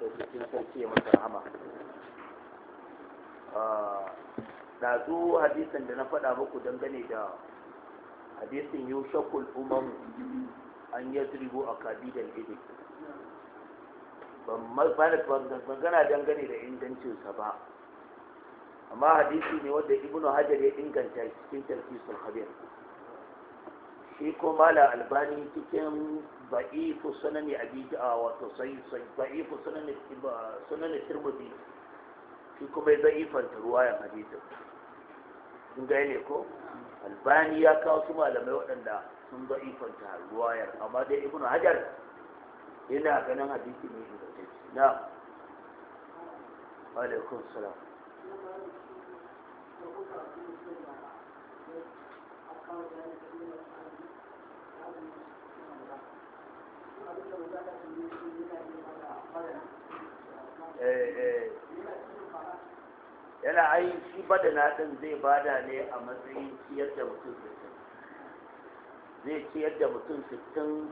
Na sarki ya masa rahama ah, zu hadisin da na faɗa muku dangane da hadisin yau shakul umaru an yi a kabidan ido ban magana dangane da ingancinsa ba amma hadisi ne wanda ibnu hajar ya inganta cikin tarkisul khabir shi ko mala albani cikin ضعيف سنن أبي وتصيب ضعيف سنن سنن الترمذي shi kuma ya za'ifanta ruwayan hadisin sun gane ko albani ya kawo su malamai waɗanda sun za'ifanta ruwayan amma dai ibn hajar yana ganin hadisi ne ingantacce na alaikun salam Thank you. Eh, eh. yana ai shi badana din zai bada ne a matsayin ciyar da mutum sittin zai ciyar da mutum sittin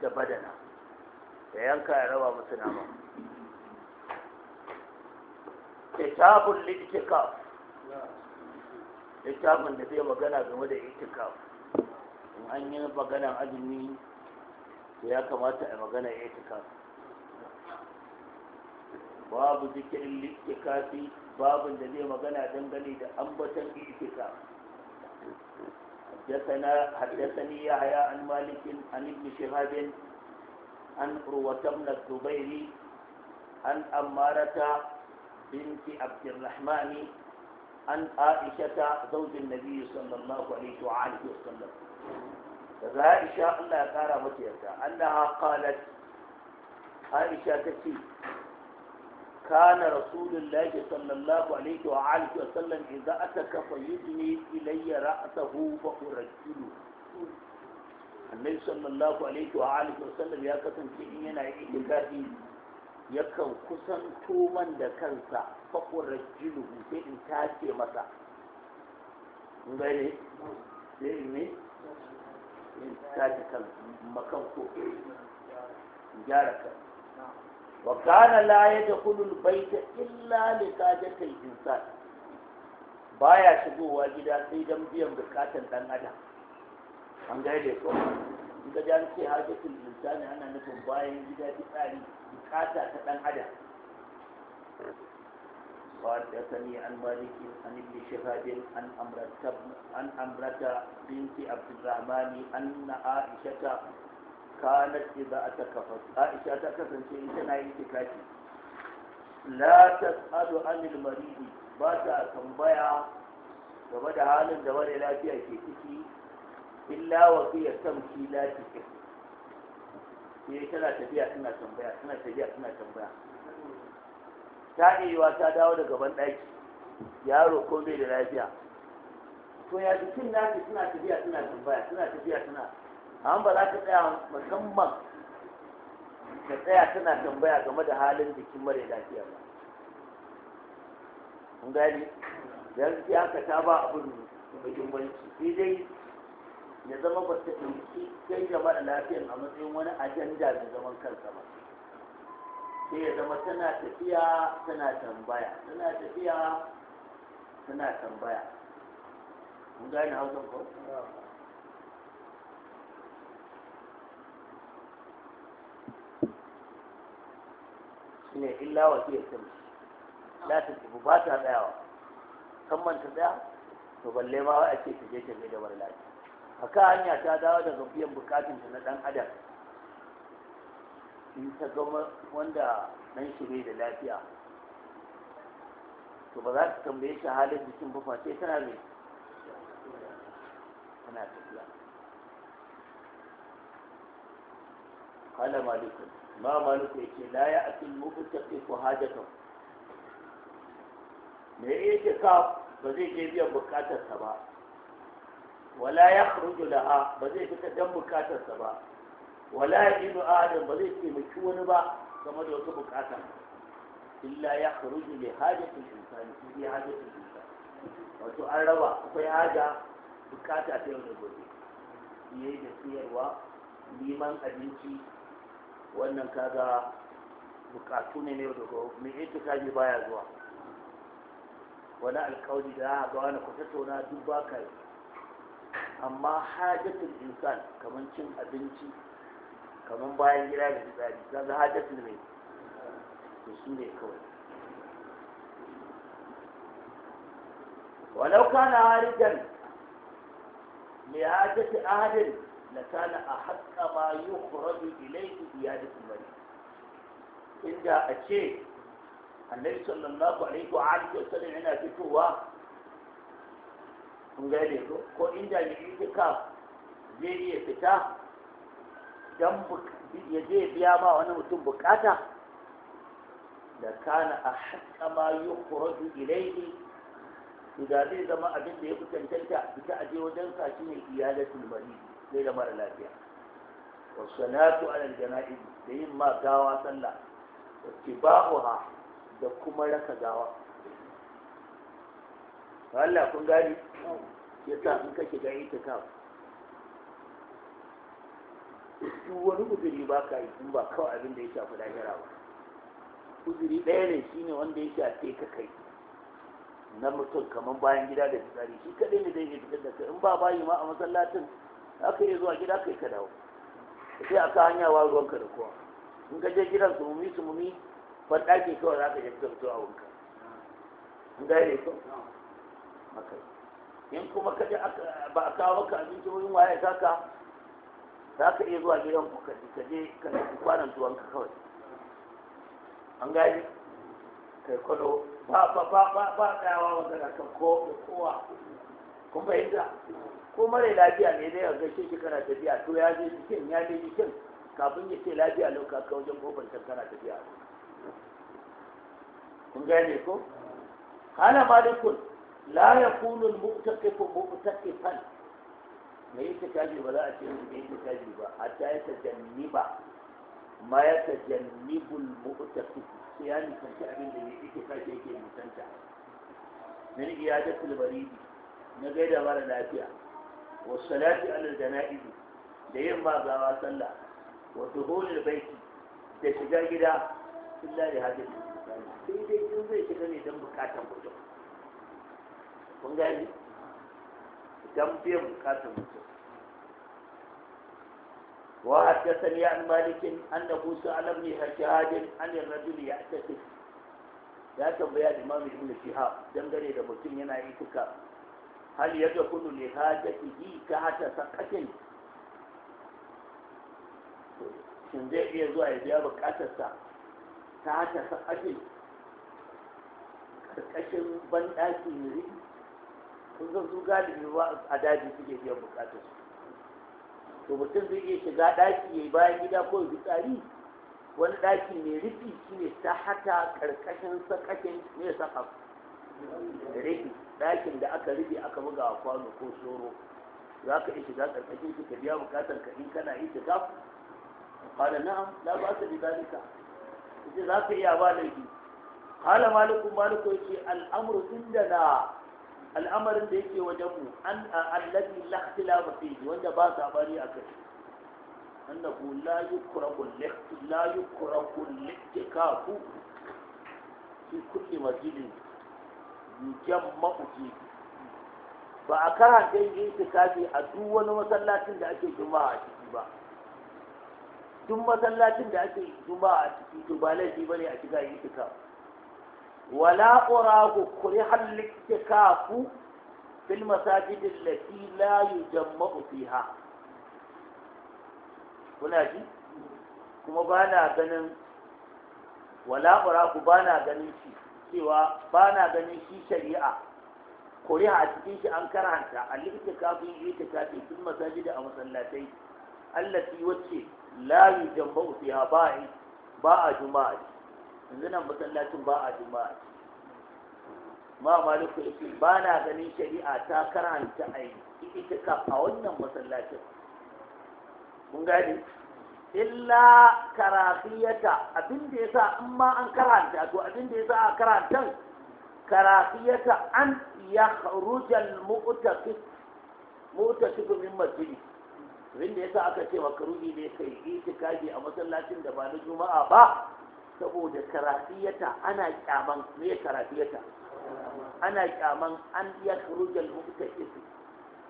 da badana da yanka ya raba musu nama kitabun litikaf littafin da zai magana game da itikaf in an yi maganan azumi ya kamata a magana ya itikafi babu zikirin littikafi babu da zai magana dangane da ambatan itikafi حدثنا حدثني يحيى عن مالك عن ابن شهاب عن عروة بن الزبير عن أمارة بنت عبد الرحمن عن عائشة زوج النبي صلى الله عليه وآله وسلم daga Aisha Allah ya kara mata yarda annaha qalat Aisha ta tace kana rasulullahi sallallahu alaihi wa alihi wa sallam idza ataka fayudni ilayya ra'sahu fa urajjilu annabi sallallahu alaihi wa alihi wa sallam ya kasance in yana yin gafi yakan kusan man da kansa fa urajjilu sai in tace masa ngare sai ne in tashi kan makan ko in gyara kan wa kana la yadkhulul baita illa li hajatil insan baya shigowa gida sai dan biyan bukatan dan adam an gaide ko in ga jan ce hajatul insani ana nufin bayan gida fitsari bukata ta ɗan adam قال حدثني عن مالك عن ابن شهاب عن أمرة عن أمرة بنت عبد الرحمن أن عائشة كانت إذا اعتكفت عائشة تكفن شيء تنا اعتكافي لا تسأل عن المريض باتا تنبيا game da halin da mara lafiya ke ciki illa wa fiye tamshi lafiya sai tana tafiya tana tambaya tana tafiya tana tambaya ta wa ta dawo da gaban ɗaki. yaro ko bai da lafiya to ya jikin nasi suna tafiya suna tambaya suna tafiya suna amma ba za ka tsaya musamman ka tsaya tana tambaya game da halin jikin mara lafiya ba kun gani yanzu ka ta ba abin muhimmanci sai dai ya zama ba ta ɗauki kai da mara lafiyan a matsayin wani ajanda da zaman kansa ba sai ya zama tana tafiya tana tambaya tana tafiya tana tambaya mun gane hausan ko ne illa ke tamshi la ta tafi ba ta tsayawa kan man ta tsaya to balle ma wa ake ta je ta da mara lafiya haka hanya ta dawo daga biyan bukatun ta na dan adam in ta gama wanda nan shi ne da lafiya to ba za ka tambaye shi halin jikin ba face tana ne tana tafiya kala malikun ma ya yake la ya akil mubtaqi ko hajatan me yake ka ba zai je biyan bukatarsa ba wala ya khruju laha ba zai fita dan bukatarsa ba wala yajidu adam ba zai taimaki wani ba game da wata bukata illa ya kharuju li hajatin insani fi hajatin insani wato an raba akwai haja bukata ta yau da gobe yayi da siyarwa liman abinci wannan kaga bukatu ne ne da gobe mai itikafi baya zuwa wani alkawari da a ga wani kwatatauna duk ba ka yi amma hajjatun insan kamar cin abinci kamar bayan gida da fitsari kaga hadasul mai to shi ne kawai walau kana harijan li hajati ahadin la kana ahqqa ma yukhraju ilayhi da mari inda a ce annabi sallallahu alaihi wa alihi wasallam yana fitowa kun gane ko inda ne ka zai iya fita dan ya je biya ba wani mutum bukata da kana a haƙa ma yi kuraju ilaihi da zai zama abin da ya fi cancanta ita aje wajen sa shi ne iyalar tulmari sai da mara lafiya a daljana jana'iz da yin ma gawa sallah wattiba'uha da kuma raka gawa Allah kun gani yasa in kake ga itikaf duk wani uzuri ba ka yi in ba kawai abin da ya shafi lahira ba uzuri ɗaya ne shi ne wanda ya shafe ka kai na mutum kamar bayan gida da fitsari shi kaɗai ne zai iya fitar da kai in ba bayi ma a masallacin za ka iya zuwa gida kai ka dawo sai a ka hanya wa ruwanka da kowa in ka je gidan su mumi su mumi ɗaki kawai za ka je fitar zuwa wanka in ga yare ko in kuma ka je ba a kawo ka abinci wurin waye ka za ka iya zuwa gidan ku ka je ka nufi kwanan tuwanka kawai an gaji kai kwado ba ba ba ba ba tsayawa magana kan ko da kowa kun fahimta ko mara lafiya ne dai a gaishe shi kana tafiya to ya je jikin ya je jikin kafin ya ce lafiya lauka ka wajen kofar can kana tafiya kun gane ko hana malikun la yakunu al-mu'taqifu mu'taqifan mai yi tafi ba za a ce mai yi tafi ba A hatta ya tajanni ba ma ya tajanni bul mu'tafi sai ya nisanci abin da mai yi tafi yake nisanta ya iyadatul baridi na gaida mara lafiya wa salati alal izi, da yin magawa sallah wa duhulul baiti da shiga gida illa da hajji sai dai in zai shiga ne don bukatan gudu. kun gani don biyan bukatar mutum وحدثني عن مالك أنه سأل ابن هشاد عن الرجل rajul ya tambaya da imam ibn shihab dangane da mutum yana tuka hal ya dakulu li hajatihi ka hata sakatin shin zai iya zuwa ya biya sa ta hata sakatin karkashin banɗaki ne kun san su galibi ba a daji suke biyan bukatar su to mutum zai iya shiga ɗaki ya bayan gida ko ya fitsari wani ɗaki mai rufi shine ta hata ƙarƙashin sakashin ne saka rufi ɗakin da aka rufe aka buga a kwano ko soro za ka iya shiga karkashin shi ka biya bukatar ka in kana yi ta na, na la su bi dalika Ita za ka iya ba laifi qala malikum maliku yace al'amru na. al'amarin da yake wajen mu an allazi la ikhtilafa fihi wanda ba sabani akai annahu la yukrahu la yukrahu liktikafu fi kulli masjidin yujamma'u fihi ba a karanta yin itikafi a duk wani masallacin da ake juma'a a ciki ba duk masallacin da ake juma'a a ciki to ba laifi bane a shiga itikafi ولا أراه كره الاكتكاف في المساجد التي لا يجمع فيها kuna ji kuma ba na shi cewa ba ganin shi shari'a koriya a cikin shi an karanta alifta kafin yi ta kafin sun masajida a masallatai allati wacce la yujamba'u fiha ba'i ba a juma'a yanzu nan masallacin ba a juma'a ma maliku yake ba na ganin shari'a ta karanta a ita ka a wannan masallacin kun gani illa karafiyata abin da sa in ma an karanta to abin da sa a karantan karafiyata an yakhrujal mu'takif mu'takif min masjidi abin da sa aka ce makaruhi ne kai itikafi a masallacin da ba na juma'a ba saboda karafiyata ana kyaman me karafiyata ana kyaman an iya khuruj al isu.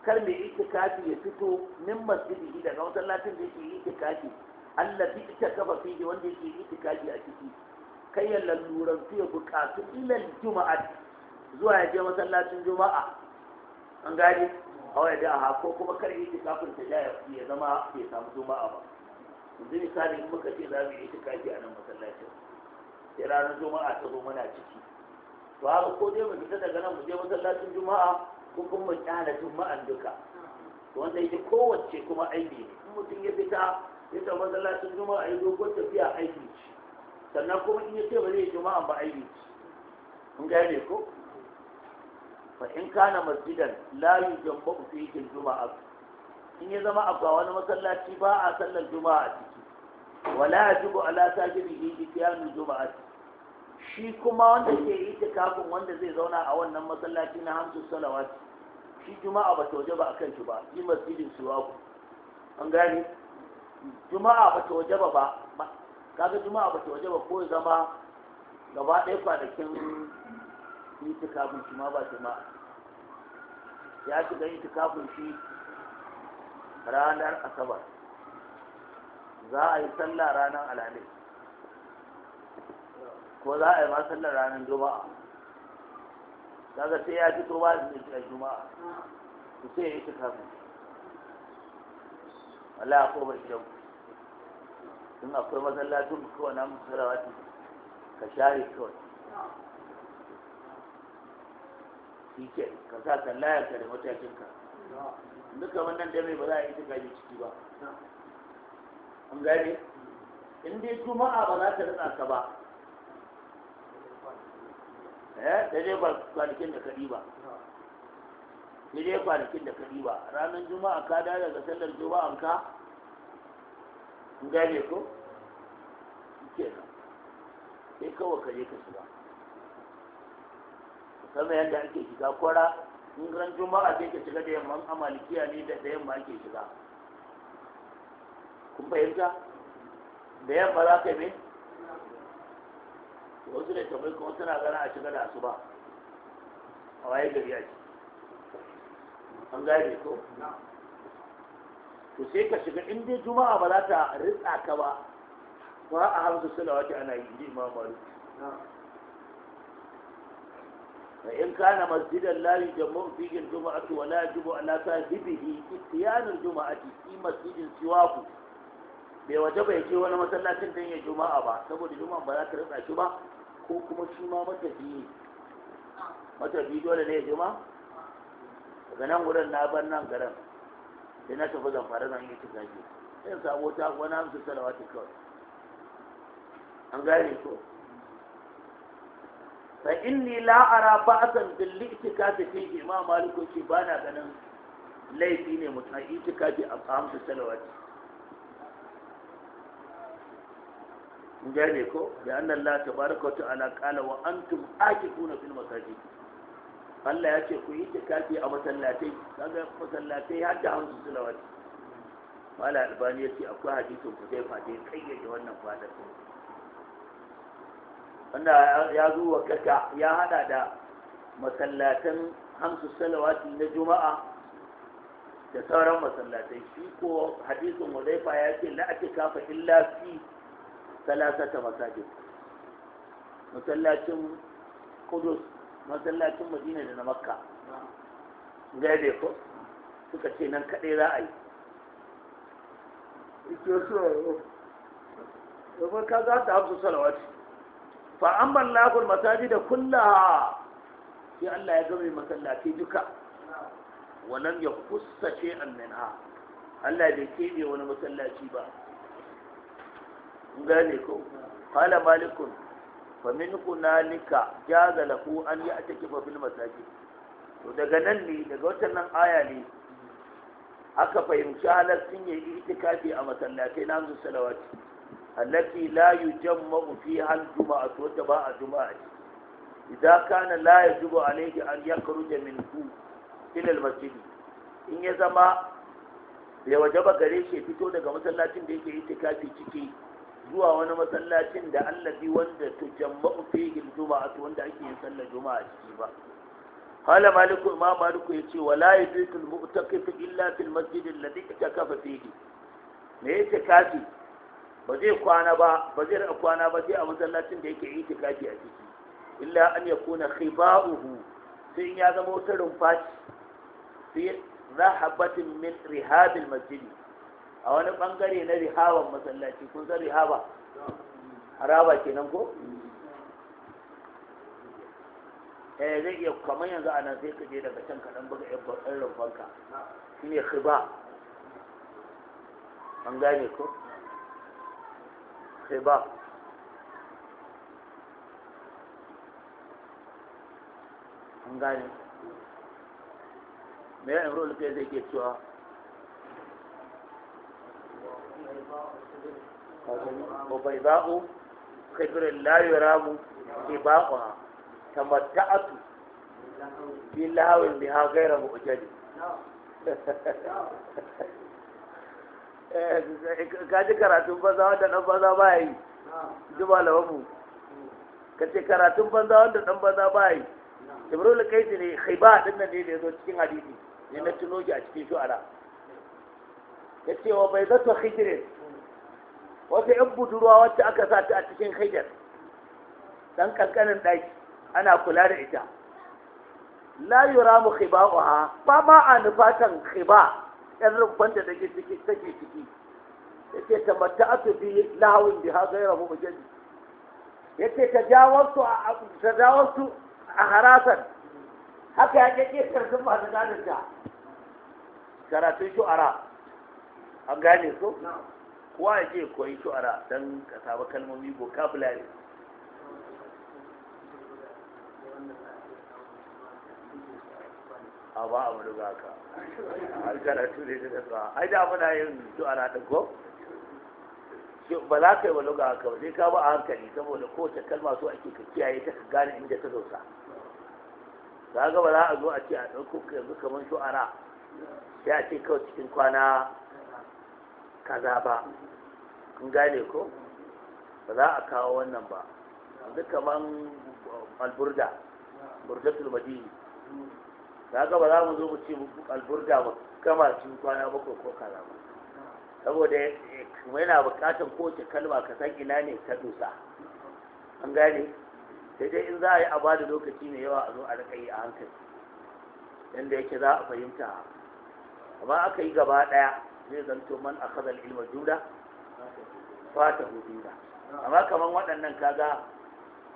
kar mai itikafi ya fito min masjidi daga masallacin da yake itikafi Allah bi kafa fiye wanda yake itikafi a ciki kai ya lalluran su ya bukatu ilal juma'a zuwa ya je masallacin juma'a an gane a waya da ko kuma kar itikafin ta ya zama bai samu juma'a ba yanzu misali in muka ce za mu yi itikafi a nan masallacin sai ranar juma'a ta zo mana ciki to haka ko dai mu fita daga nan mu je masallacin juma'a ko kuma mu kyala juma'an duka to wanda yake kowace kuma aiki ne in mutum ya fita ya ta masallacin juma'a ya zo ko tafiya aiki ce sannan kuma in ya ce ba zai juma'a ba aiki ce mun ne ko fa in kana masjidan la yujammu fi juma'a in ya zama a wani masallaci ba a sallar juma'a a ciki wala yajibu ala sahibihi ityanu juma'a shi kuma wanda ke yi ta kafin wanda zai zauna a wannan masallaci na hamsu salawat shi juma'a ba ta waje ba kan shi ba yi masjidin ku. an gane juma'a ba ta waje ba ba kaga juma'a ba ta waje ba ko zama gaba ɗaya kwanakin yi kafin shi ma ba juma'a ya shiga kafin shi ranar asabar za a yi sallah ranar alhamis ko za a yi ma sallar ranar juma'a kaga sai ya fito ba da shi a juma'a to sai ya yi tuka mu Allah ya koma yau in akwai masallacin ko na musallawati ka share kawai shi ke ka sa kallaya ka da matakin ka duka wannan da mai ba za a yi duka yi ciki ba an gane in dai juma'a ba za ta rasa ka ba eh da dai ba kwanakin da kadi ba da dai kwanakin da kadi ba ranar juma'a ka da daga sallar juma'a ka an gane ko ka, sai kawai ka je ka shiga musamman yadda ake shiga kwara in ran juma'a zai ka shiga da yamma a malikiya ne da da yamma ke shiga kun fahimta da yamma za ka yi me wasu da tabai kuma suna gana a shiga da asuba a waye gari a ci an gane ko to sai ka shiga in dai juma'a ba za ta ritsa ka ba ba a hamsu salawati ana yi ma malik فإن كان مسجدا لا يجمع فيه الجمعة ولا يجب على صاحبه إتيان الجمعة في مسجد سواه bai waje bai ke wani masallacin da ya juma'a ba saboda juma'a ba za ta rika shi ba ko kuma shi ma matafi matafi dole ne ya juma daga nan gudan na bar nan garin sai na tafi zamfara zan yi tuka shi sai sabo ta wani hamsu salawatin kawai an gane ko fa inni la ara ba'san bil itikafi fi imam malik ki ba na ganin laifi ne mutum itikafi a kamsu salawati gane ko da annan Allah tabaraka wa ta'ala qala wa antum aqifuna fil masajid Allah ya ce ku yi tikafi a masallatai kaga masallatai har da hamsu salawati mala albani ya ce akwai hadisin ku dai fa dai kayyade wannan fadar wanda ya zo wa kaka ya hada da masallatan hamsu salawati na juma'a da sauran masallatai shi ko hadisin wazaifa ya ce la ake kafa illa fi salasata masajid masallacin kudus masallacin madina da na makka gaibe ko suka ce nan kaɗai za a yi ike so ya ka za ta hamsu salawati fa amman lahul masajid kullaha sai Allah ya game masallaci duka walam ya kussa shay'an minha Allah bai kebe wani masallaci ba gane ko qala malikun fa min hunalika jaza lahu an ya'takifa fil masajid to daga nan ne daga wannan nan aya ne aka fahimci halaccin yayi itikafi a masallatai na salawati التي لا يجمع فيها الجمعة وتباع جمعة إذا كان لا kana عليه أن يخرج an yakhruja minhu ila al-masjid in ya zama ya wajaba gare shi fito daga masallacin da yake itikafi ciki zuwa wani masallacin da bi wanda tujamma'u fihi al-jum'atu wanda ake yin sallar juma'a ciki ba قال maliku امام مالك يقول ولا يدرك المؤتكف illa fil المسجد الذي اعتكف fihi me yake kafi ba zai kwana ba ba zai rika kwana ba sai a masallacin da yake itikafi a ciki illa an yakuna khiba'uhu sai ya zama wata rumfa fi rahabatin min rihabil masjidi a wani bangare na rihaban masallaci kun san rihaba haraba kenan ko eh zai iya kamar yanzu ana sai ka je daga can kaɗan buga yan rumfanka shine khiba an gane ko khiba an gane me ya imru zai ke cewa wabai ba'u khibirin layura mu ke baƙuwa tamatta'atu bi lahawin biha gaira mu'jali ka ji karatun banza wanda dan banza ba yi ji malamanmu ka ce karatun banza wanda dan banza ba yi ibrahim kaisi ne khiba din nan ne da yazo cikin hadisi ne na tuno a cikin shu'ara ya ce wa bai zato hijirin wata yan budurwa wacce aka sa ta a cikin hijir dan kankanin dai, ana kula da ita la yura mu khiba'uha ba ma a nufatan khiba' ɗan rumfan da take ciki take ciki yace ta mata'atu bi lahawin biha ghayra mujaddi yace ta ya ce ta jawartu a harasan haka ya ƙeƙe karfin masu gadin ta karatun shu'ara an gane so kowa ya je koyi shu'ara don ka samu kalmomi vocabulary a ba a muluga ka an karatu ne da sa ai da muna yin du'a na ɗin ko ba za ka yi muluga ka ba sai ka ba a hankali saboda kowace kalma so ake ka kiyaye ta ka gane inda ta zauka ka ga ba za a zo a ce a ɗauko yanzu kamar shu'ara sai a ce kawai cikin kwana kaza ba kun gane ko ba za a kawo wannan ba duk kamar alburda burdatul madini kaga ba za mu zo mu ce mu alburga ba kama cikin kwana bakwai ko kaza ba saboda eh, kuma yana bukatar kowace kalma ka san ina ne ta dusa an gane sai dai in za a yi a bada lokaci mai yawa a zo a rika yi a hankali yadda yake za a fahimta amma aka yi gaba daya zai zanto man a kazan ilma juda fata hudu amma kamar waɗannan kaga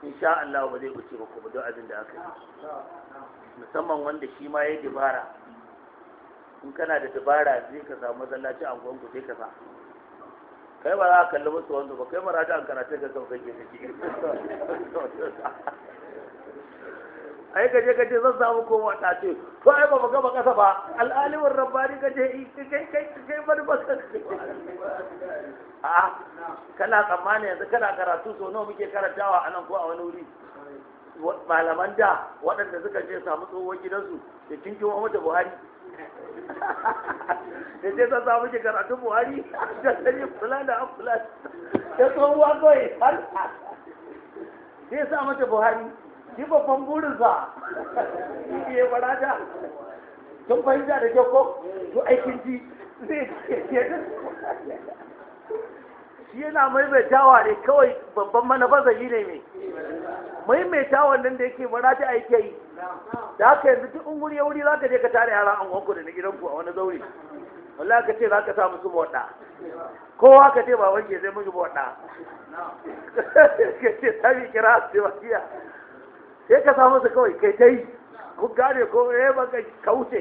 insha Allah ba zai wuce ba ba don abin da aka yi musamman wanda shi ma ya dabara in kana da dabara zai ka samu masallaci a gwangu zai ka sa kai ba za ka kalli musu wanda ba kai ba za an karatu ga kan kake kake ai ka je ka zan samu koma ta ce to ai ba mu gaba kasa ba al'alimin rabbani ka je kai kai kai bari ba ka a kana tsammani yanzu kana karatu so nawa muke karantawa a nan ko a wani wuri malaman da waɗanda suka je samu tsohon gidansu da kinki wa mata buhari da ce zan samu ke karatu buhari da sani kula da an kula da tsohon wa kawai har sai sa mata buhari shi babban burinsa ya fara ta tun fahimta da kyau ko su aikin ji zai shi yana maimaitawa ne kawai babban manufarsa shi ne mai tawa nan da yake fara ta aiki yi da haka yanzu duk wuri ya wuri za ka je ka tare yara an wanku da na gidanku a wani zaure wala ka ce za ka sa musu mawaɗa kowa ka ce ba wanke zai musu mawaɗa ka ce sami kira su ba sai ka samu su kawai kai ta yi gane ko ne eh, ba ka wuce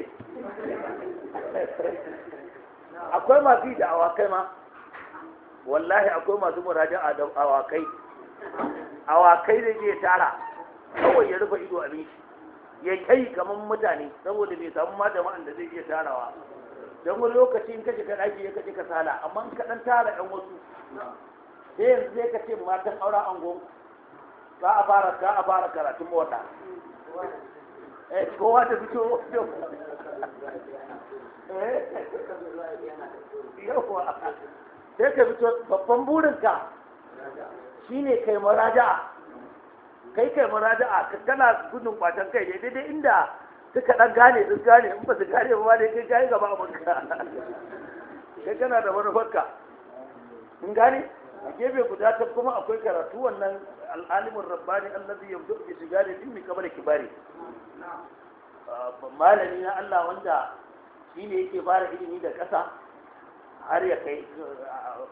akwai masu yi da awakai ma wallahi akwai masu murajen awakai awakai da ke tara kawai ya rufe ido a nishi ya kai kamar mutane saboda mai samu ma jama'an da zai iya tarawa don wani lokaci in kace ka ɗaki ya kace kasala amma in ka ɗan tara ɗan wasu sai yanzu ce kace matan auren angon za a fara za a fara karatun mota eh kowa ta fito yau. Eh, sai ka fito babban burinka shine kai maraja kai kai maraja ka kana gudun kwatan kai daidai inda suka dan gane sun gane in ba su gane ba ne kai gane gaba abinka kai kana da manufarka in gane a gefe guda ta kuma akwai karatu wannan al'alimin rabbani allazi yanzu bi sigari din mi ki kibari ah, malami na Allah wanda shi ne yake fara ilimi da kasa har ya kai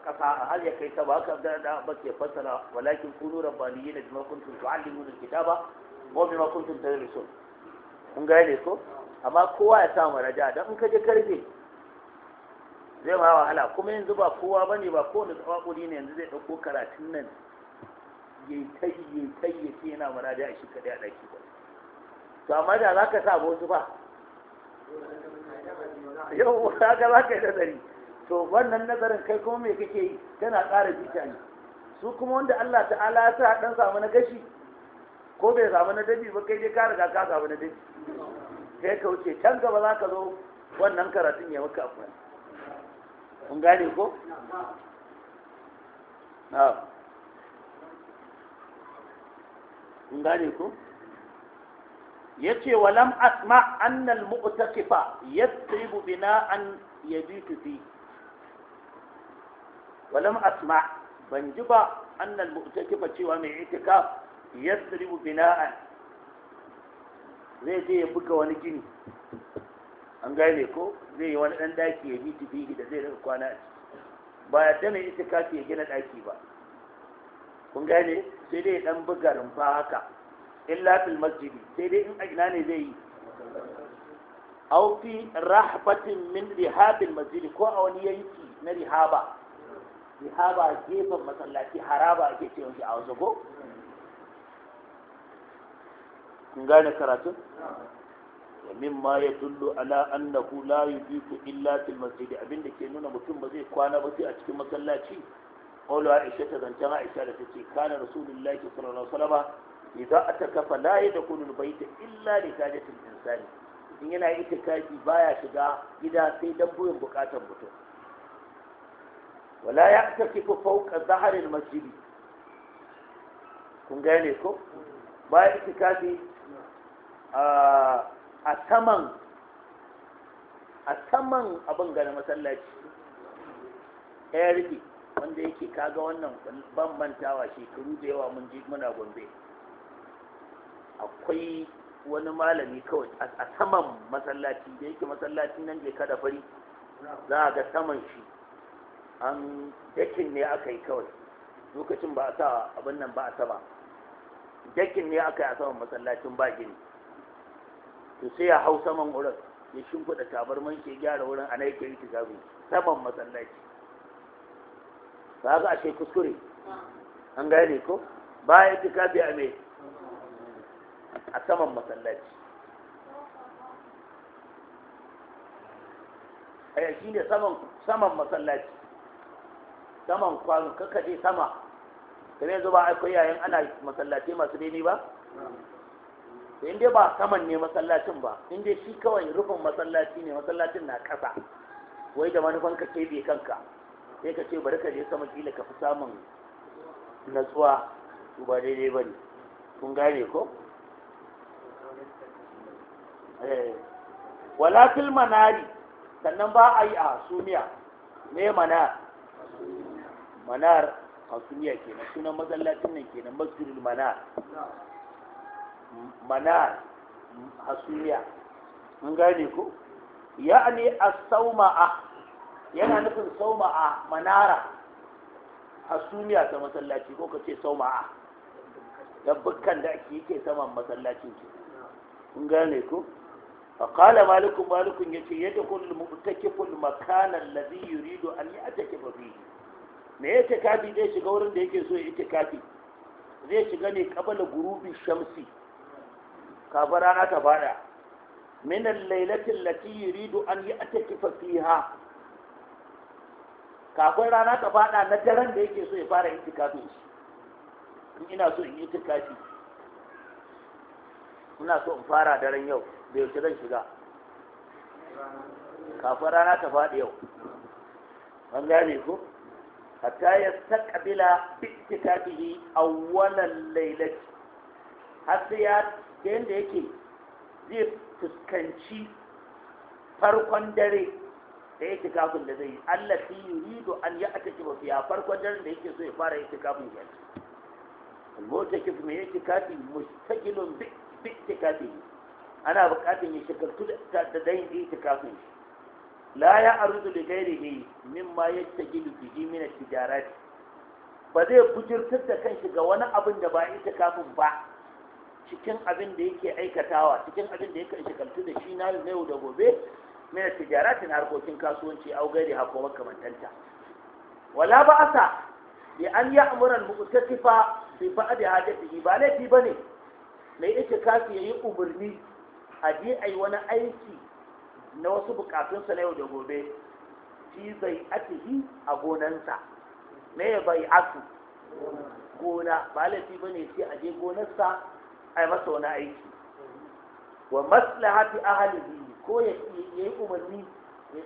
kasa ah, har ya kai ta ba ka da da ba ke fassara walakin kunu rabbaniyina bima kuntum tu'allimuna alkitaba wa bima kuntum tadrusun kun gane ko amma kowa ya samu raja dan in ka je karfe zai ba wahala kuma yanzu ba kowa ba ne ba kowane tsawakuri ne yanzu zai ɗauko karatun nan ya yi ta yi ce yana mara a shi kaɗai a ɗaki ba to amma da za ka sa wasu ba yau ka ga za ka yi nazari to wannan nazarin kai kuma me kake yi tana ƙara bita ne su kuma wanda Allah ta'ala ya sa ɗan samu na gashi ko bai samu na dabi ba kai dai ka riga ka samu na dabi sai ka wuce can gaba za ka zo wannan karatun ya maka akwai kun gane ko na'am kun gane ko yace walam asma anna al mu'takifa yatribu bina'an yabitu fi walam asma ban ji ba anna al mu'takifa cewa mai itikaf yatribu bina'an zai je ya buga wani gini an gane ko zai yi wani ɗan ɗaki ya biti bihi da zai rika kwana a ciki ba ya mai ita kafi ya gina ɗaki ba kun gane sai dai ɗan buga rumfa haka illa fil masjidi sai dai in a ina ne zai yi aw fi rahbatin min rihabil masjidi ko a wani yanki na rihaba rihaba gefen masallaci haraba ake ce wani a wasu ko kun gane karatun wa mimma ya dullu ala annahu la yubiku illa fil masjid abinda ke nuna mutum ba zai kwana ba sai a cikin masallaci qawlu aisha ta zancen aisha da tace kana rasulullahi sallallahu alaihi wasallam idza atakafa la da al bayt illa li hajatil insani in yana itikafi baya shiga gida sai dan buyin bukatar mutu. wala ya'takifu a saman a saman abin gane masallaci ya rufe wanda yake kaga wannan bambantawa shekaru da yawa mun ji muna gombe akwai wani malami kawai a saman masallaci da yake masallacin nan je kada fari za a ga saman shi an dakin ne aka yi kawai lokacin ba a sa abin nan ba a saba dakin ne aka yi a saman masallacin ba gini to sai ya hau saman wurin ya shimfiɗa tabarman shi ke gyara wurin ana yake yi tijabi saman masallaci ba ga ashe kuskure an gane ko ba ya kafi a mai a saman masallaci aya shi ne saman masallaci saman kwanu kakaje sama kamar yanzu ba akwai yayin ana masallaci masu daidai ba to inda ba saman ne masallacin ba inda shi kawai rufin masallaci ne masallacin na kasa wai da manufan ka bai kanka sai ka ce bari ka je sama kila ka fi samun natsuwa to ba daidai ba ne kun gane ko eh. wala fil manari sannan ba a yi a sumiya me manar manar a sumiya kenan sunan masallacin nan kenan masjidul manar manar hasuya mun gane ko ya'ani as-sauma'a yana nufin sauma'a manara hasumiya ta masallaci ko ka ce sauma'a da bukkan da ake yake saman masallacin ki kun gane ko فقال مالك مالك يتي يدخل المعتكف المكان do an yi يعتكف fi me ya ce kafi zai shiga wurin da yake so ya ita kafi zai shiga ne kabala gurubi shamsi kafin rana ta bada min al-lailatin lati yuridu an ya'takifa fiha kafin rana ta bada na daren da yake so ya fara itikafi in ina so in yi itikafi ina so in fara daren yau da yaushe zan shiga kafin rana ta faɗi yau an gane ko hatta ya taƙabila bi itikafihi awwalan lailati har sai ya da yadda yake zai fuskanci farkon dare da yake kafin da zai yi Allah fi do an ya aka kiba fiya farkon dare da yake so ya fara yake kafin ya ci mota kifi mai yake kafi mustaqilun bi kafi ana buƙatar ya shakartu da dayin itikafin kafin la ya arzu da min ma mimma yattajilu bihi min at-tijarat ba zai bujurtar da kanshi ga wani abin da ba kafin ba cikin abin da yake aikatawa cikin abin da yake shakaltu da shi na yau da gobe mai tijaratin harkokin kasuwanci au gari hako makamantanta wala ba asa bi an yi amuran mu'tasifa bi da hajatihi ba laifi ba ne mai ita kafi yi umarni a je yi wani aiki na wasu bukatunsa na yau da gobe fi zai atihi a gonansa me bai asu gona ba laifi ba ne sai a je gonarsa ai masa wani aiki wa maslahatu ahalihi ko ya yi umarni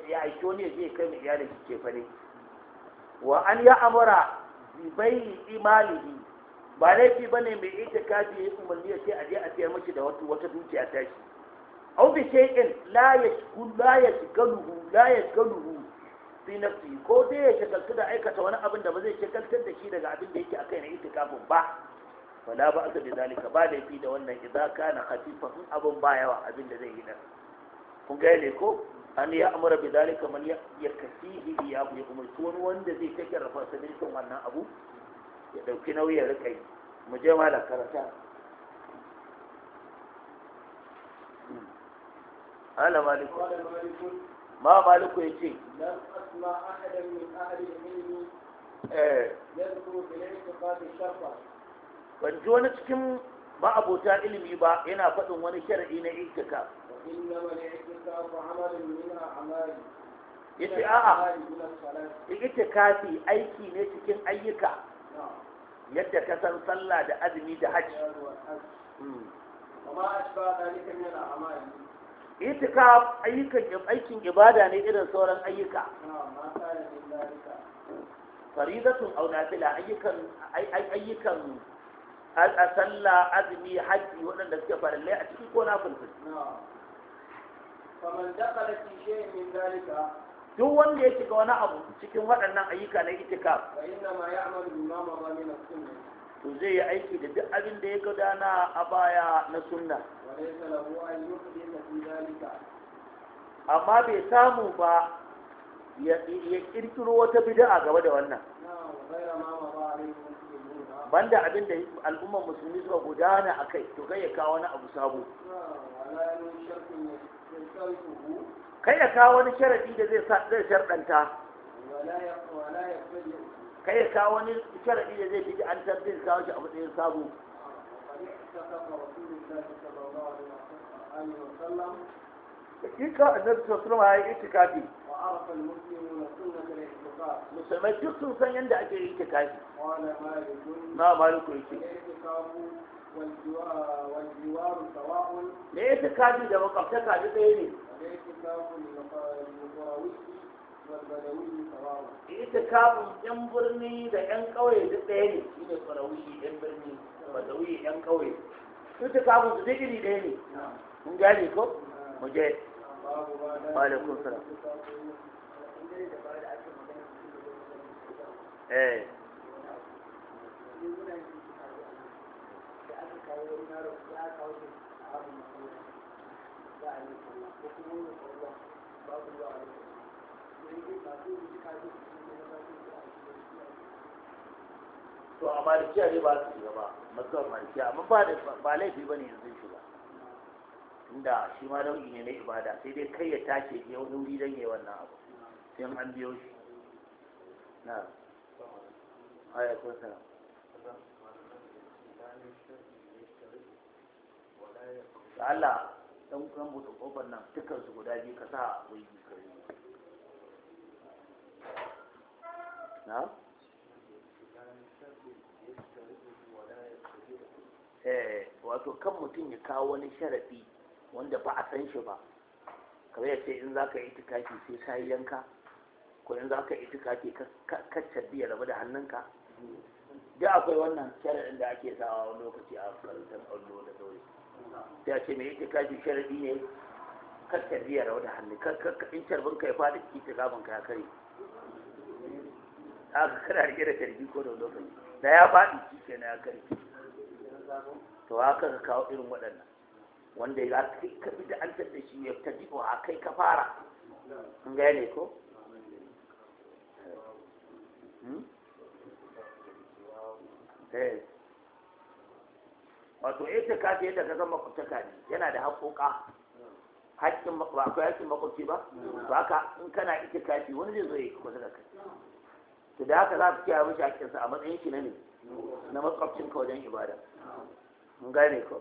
ya aiki wani ya je kai mai iyalin shi ke fare wa an ya amura bi bayyi imalihi ba laifi bane mai itikafi ya yi umarni ya ce a je a sayar mashi da wata dukiya ta shi aw bi shay'in la yashghul la yashghaluhu la yashghaluhu fi nafsi ko dai ya shagaltu da aikata wani abin da ba zai shagaltar da shi daga abin da yake akai na itikafin ba fala ba aka bi zalika ba laifi da wannan idan kana khatifa in abin ba yawa abin da zai yi nan kun ga ne ko an ya amara bi zalika man ya kasihi ya ya umarci wani wanda zai take rafa sanin wannan abu ya dauki nauyi ya rika yi mu je ma da karata قال مالك ما مالك يجي لم أسمع أحدا من أهل العلم ba بالاعتقاد شرطا ban ji wani cikin abota ilimi ba yana faɗin wani shari'i na iktika yace a'a fi aiki ne cikin ayyuka yadda ka san sallah da azumi da hajji hmm. itikaf ayyukan aikin ibada ne irin sauran ayyuka faridatun aw nafila ayyukan ayyukan a sallah azumi hajji waɗanda suke farallai a cikin ko na Kamar faman dakala fi shay'in min zalika duk wanda ya shiga wani abu cikin waɗannan ayyuka na itikaf fa inna ma ya'malu bima ma min sunnah to zai yi aiki da duk abin da ya gudana a baya na sunna wa laysa lahu an yuhditha fi Dalika? amma bai samu ba ya kirkiro wata bid'a gaba da wannan banda abin da al'ummar musulmi suka gudana a kai to kai ya kawo wani abu sabo kai ya kawo wani sharadi da zai zai sharɗanta kai ya kawo wani sharadi da zai fiji an tabbin kawo shi a matsayin sabo hakika annabi sallallahu alaihi ya yi itikafi musulmai duk sun san yadda ake yi itikafi na maliku yake da kafi da makwabtaka duk ɗaya ne itikafin yan birni da yan ƙauye duk ɗaya ne shi ne farawiyi yan birni farawiyi yan ƙauye itikafin su duk iri ɗaya ne mun gane ko mu je alaikun sura eh to a ba su ba malikiya amma ba laifi ba ne yanzu shiga inda shi ma nau'i ne na ibada sai dai kai ya tashi ya wani wuri don yi wannan abu sai an biyo shi na aya ko sana da Allah dan kan buɗe kofar nan dukkan su guda biyu ka sa wai bi kare na eh wato kan mutum ya kawo wani sharafi wanda ba a san shi ba kamar ya ce in za ka yi tukafi sai yi yanka ko in za ka yi ka kacce ya rabu da hannunka da akwai wannan sharaɗin da ake sawa wani lokaci a karantar allo da dole Ya ce mai yake sharaɗi ne kacce ya rabu da hannun in carbin ka ya faɗi ta tukafin ka ya kare aka kada rike da karfi ko da lokaci da ya faɗi na ya kare to haka ka kawo irin waɗannan wanda ya kai ka bi da an da shi ya ta jiko a kai ka fara in gane ko hmm? eh. wato ita kafi yadda ka zama kutaka ne yana da haƙoƙa haƙƙin ba akwai haƙƙin makwabci ba to haka in kana ita kafi wani zai zo ya kuma da kai to da haka za ka kiyaye mishi haƙƙinsa a matsayin shi na ne na makwabcinka wajen ibada mun gane ko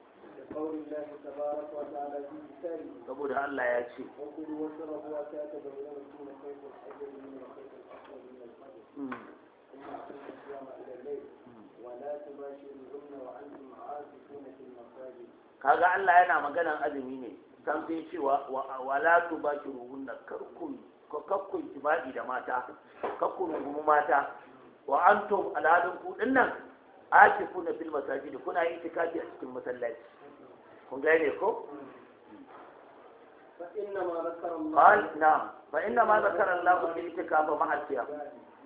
saboda Allah ya ce kaga Allah yana maganan azumi ne kan sai cewa wala tu bashiruhun karkun kakkun jima'i da mata kakkun rungumi mata wa antum alhalin ku dinnan akifuna fil masajid kuna itikafi a cikin masallaci kun gane ko قال نعم فإنما ذكر الله الاعتكاف مع الصيام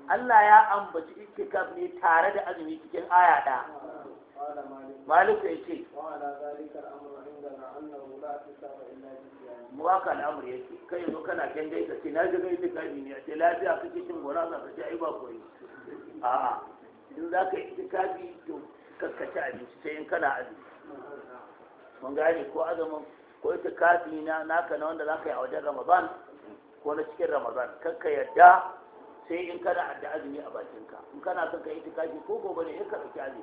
Allah ya ambaci itikaf ne tare da azumi cikin aya ɗaya. Malik ya ce, Muwaka al'amur ya ce, kai yanzu kana kyan dai ka ce, na ji gai itikafi ne, a ce lafiya ke cin gora za ka ce ai ba koyi. A'a, in za ka bi to kakkace abinci sai in kana azumi. mun gane ko azumin ko ita kafi na naka na wanda za ka yi a wajen ramadan ko na cikin ramadan kan ka yadda sai in kana adda azumi a bakinka in kana son ka yi kafi ko gobe ne in ka ɗauki azumi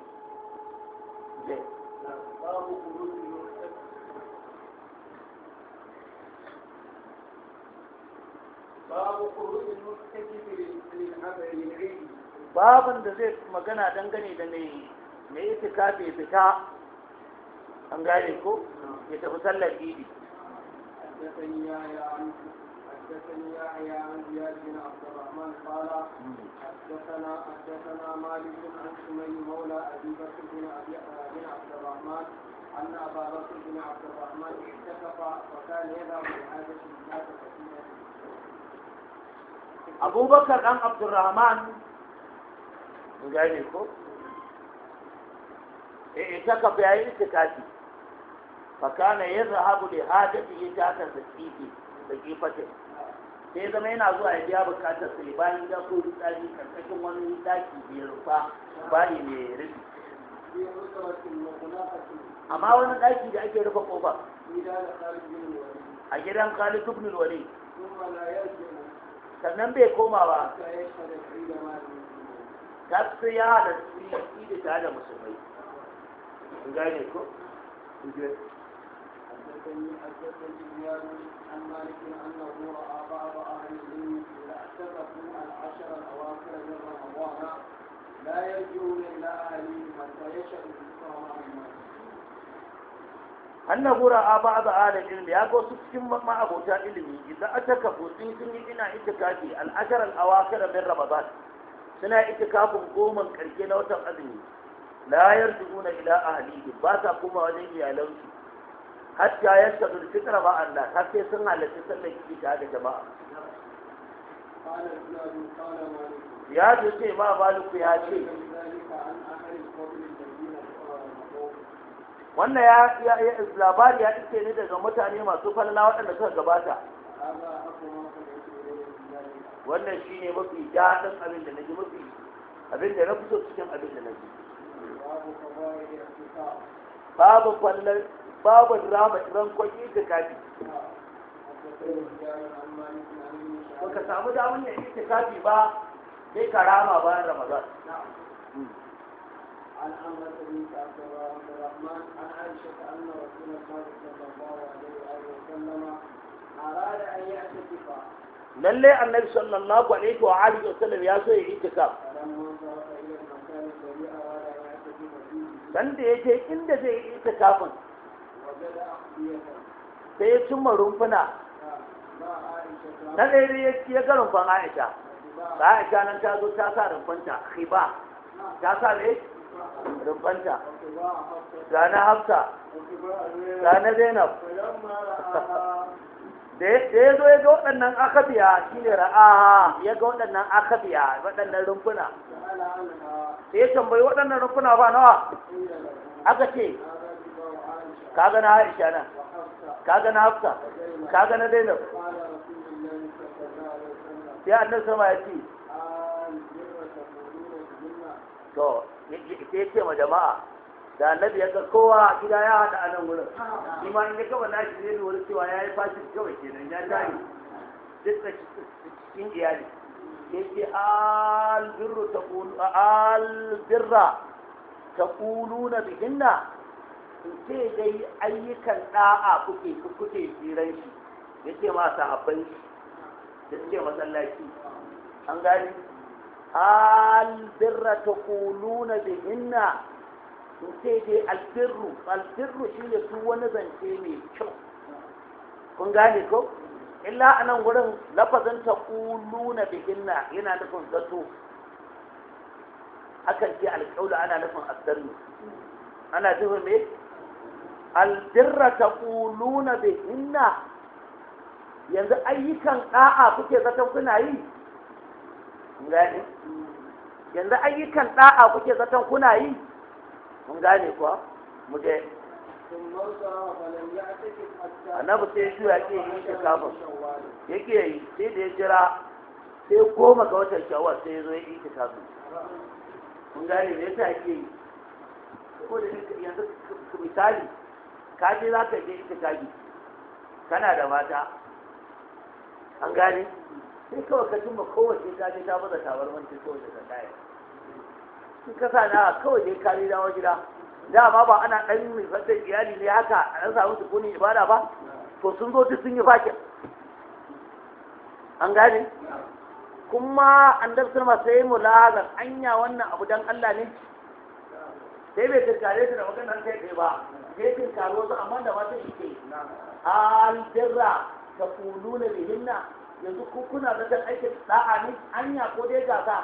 babin da zai magana dangane da mai mai kafe fita an gane ko ya tafi sallar idi حدثني يحيى عن حدثني يحيى عن زياد بن عبد الرحمن قال حدثنا حدثنا مالك عن سمي مولى ابي بكر بن ابي بن عبد الرحمن ان ابا بكر بن عبد الرحمن احتكف وكان يدعو لحاجه الناس كثيرا أبو بكر عن عبد الرحمن قال لكم اعتكف يعني اعتكافي fakana ya zahabu da hajjati ya ta sakiki da kifatin sai zama yana zuwa ya biya bukatar sai bayan ya so tsari karkashin wani daki biyar fa ne mai rufi amma wani daki da ake rufe kofa a gidan Khalid ibn al sannan bai koma ba kasu ya halarci da tare da musulmai gane ko حدثني حدثني زياد عن مالك انه راى بعض اهل العلم اذا اعترفوا العشر الاواخر من رمضان لا يرجون الى اهلهم حتى يشهدوا ذكر الله annahu ra'a ba'd ahli ilmi ya ga wasu cikin ma'abota ilimi idan aka kafu sun sun yi ina itikafi al'ashar ashar al min ramadan suna itikafin goman karshe na watan azumi la yarjuna ila ahlihi ba ta kuma wajen iyalansu hatta ya shaɗu da fitra ba Allah har sai sun halarci sallar idi ta da jama'a ya zo ce ma maliku ya ce wannan ya labari ya ce ne daga mutane masu falala waɗanda suka gabata wannan shi ne mafi daɗin abin da na mafi abin da na fito cikin abin da na babu kwallon babu rama ga kafi baka samu damar yi kafi ba sai ka rama bayan ramadan lalle annabi sallallahu alaihi wa alihi wasallam ya so ya yi itikaf dan da yake inda zai yi itikafin sai ya cimma rumfuna na ya ci ya ga rumfan aisha da aisha nan ta zo ta sa rumfanta khiba ta sa ne rumfanta rana hafsa rana zainab da ya zo ya ga waɗannan akabiya shi ne ra'aha ya ga waɗannan akabiya waɗannan rumfuna sai ya tambayi waɗannan rumfuna ba nawa aka ce kaga na Aisha nan kaga na Hafsa kaga na Zainab sai annabi sama ya ce to ya ce ma jama'a da annabi ya ga kowa a gida ya haɗa a nan wurin shi ma in ya kaba nashi ne wani cewa ya yi fashi kawai kenan ya yi duk da cikin iyali sai ce albirra ta na bihinna ce dai ayyukan da'a kuke kuke jiran shi ya ce ma sahabbai da suke masallaci an gani albirra ta kuluna da inna sun ce dai albirru albirru shi ne su wani zance mai kyau kun gane ko illa a nan wurin lafazin ta kuluna da inna yana nufin zato akan ce alƙaula ana nufin asdarni ana nufin me albirra da inna yanzu ayyukan da'a kuke zaton kuna yi gane yanzu ayyukan da'a kuke zaton kuna yi mun gane kuwa mu je annabi sai shi ya ke yi shekafin yake yi sai da ya jira sai goma ga watan shawar sai ya zo ya yi shekafin mun gane da ya sa ke yi ko da yanzu misali ka je za ka je ita tagi kana da mata an gane sai kawai ka tumma kowace ta je ta baza tabar wancan kawai da kaya sun kasa na kawai dai kare dawo gida dama ba ana ɗan mai fasar iyali ne haka a ɗan samu tukunin ibada ba to sun zo duk sun yi fakin an gane kuma an daftar masu yi mulazar anya wannan abu don Allah ne sai bai tattare su da maganar kai ba zai karuwa su amma da matan shi ke hal dirra ta na bihinna yanzu kuna da dan aikin da'a ne anya ko dai gasa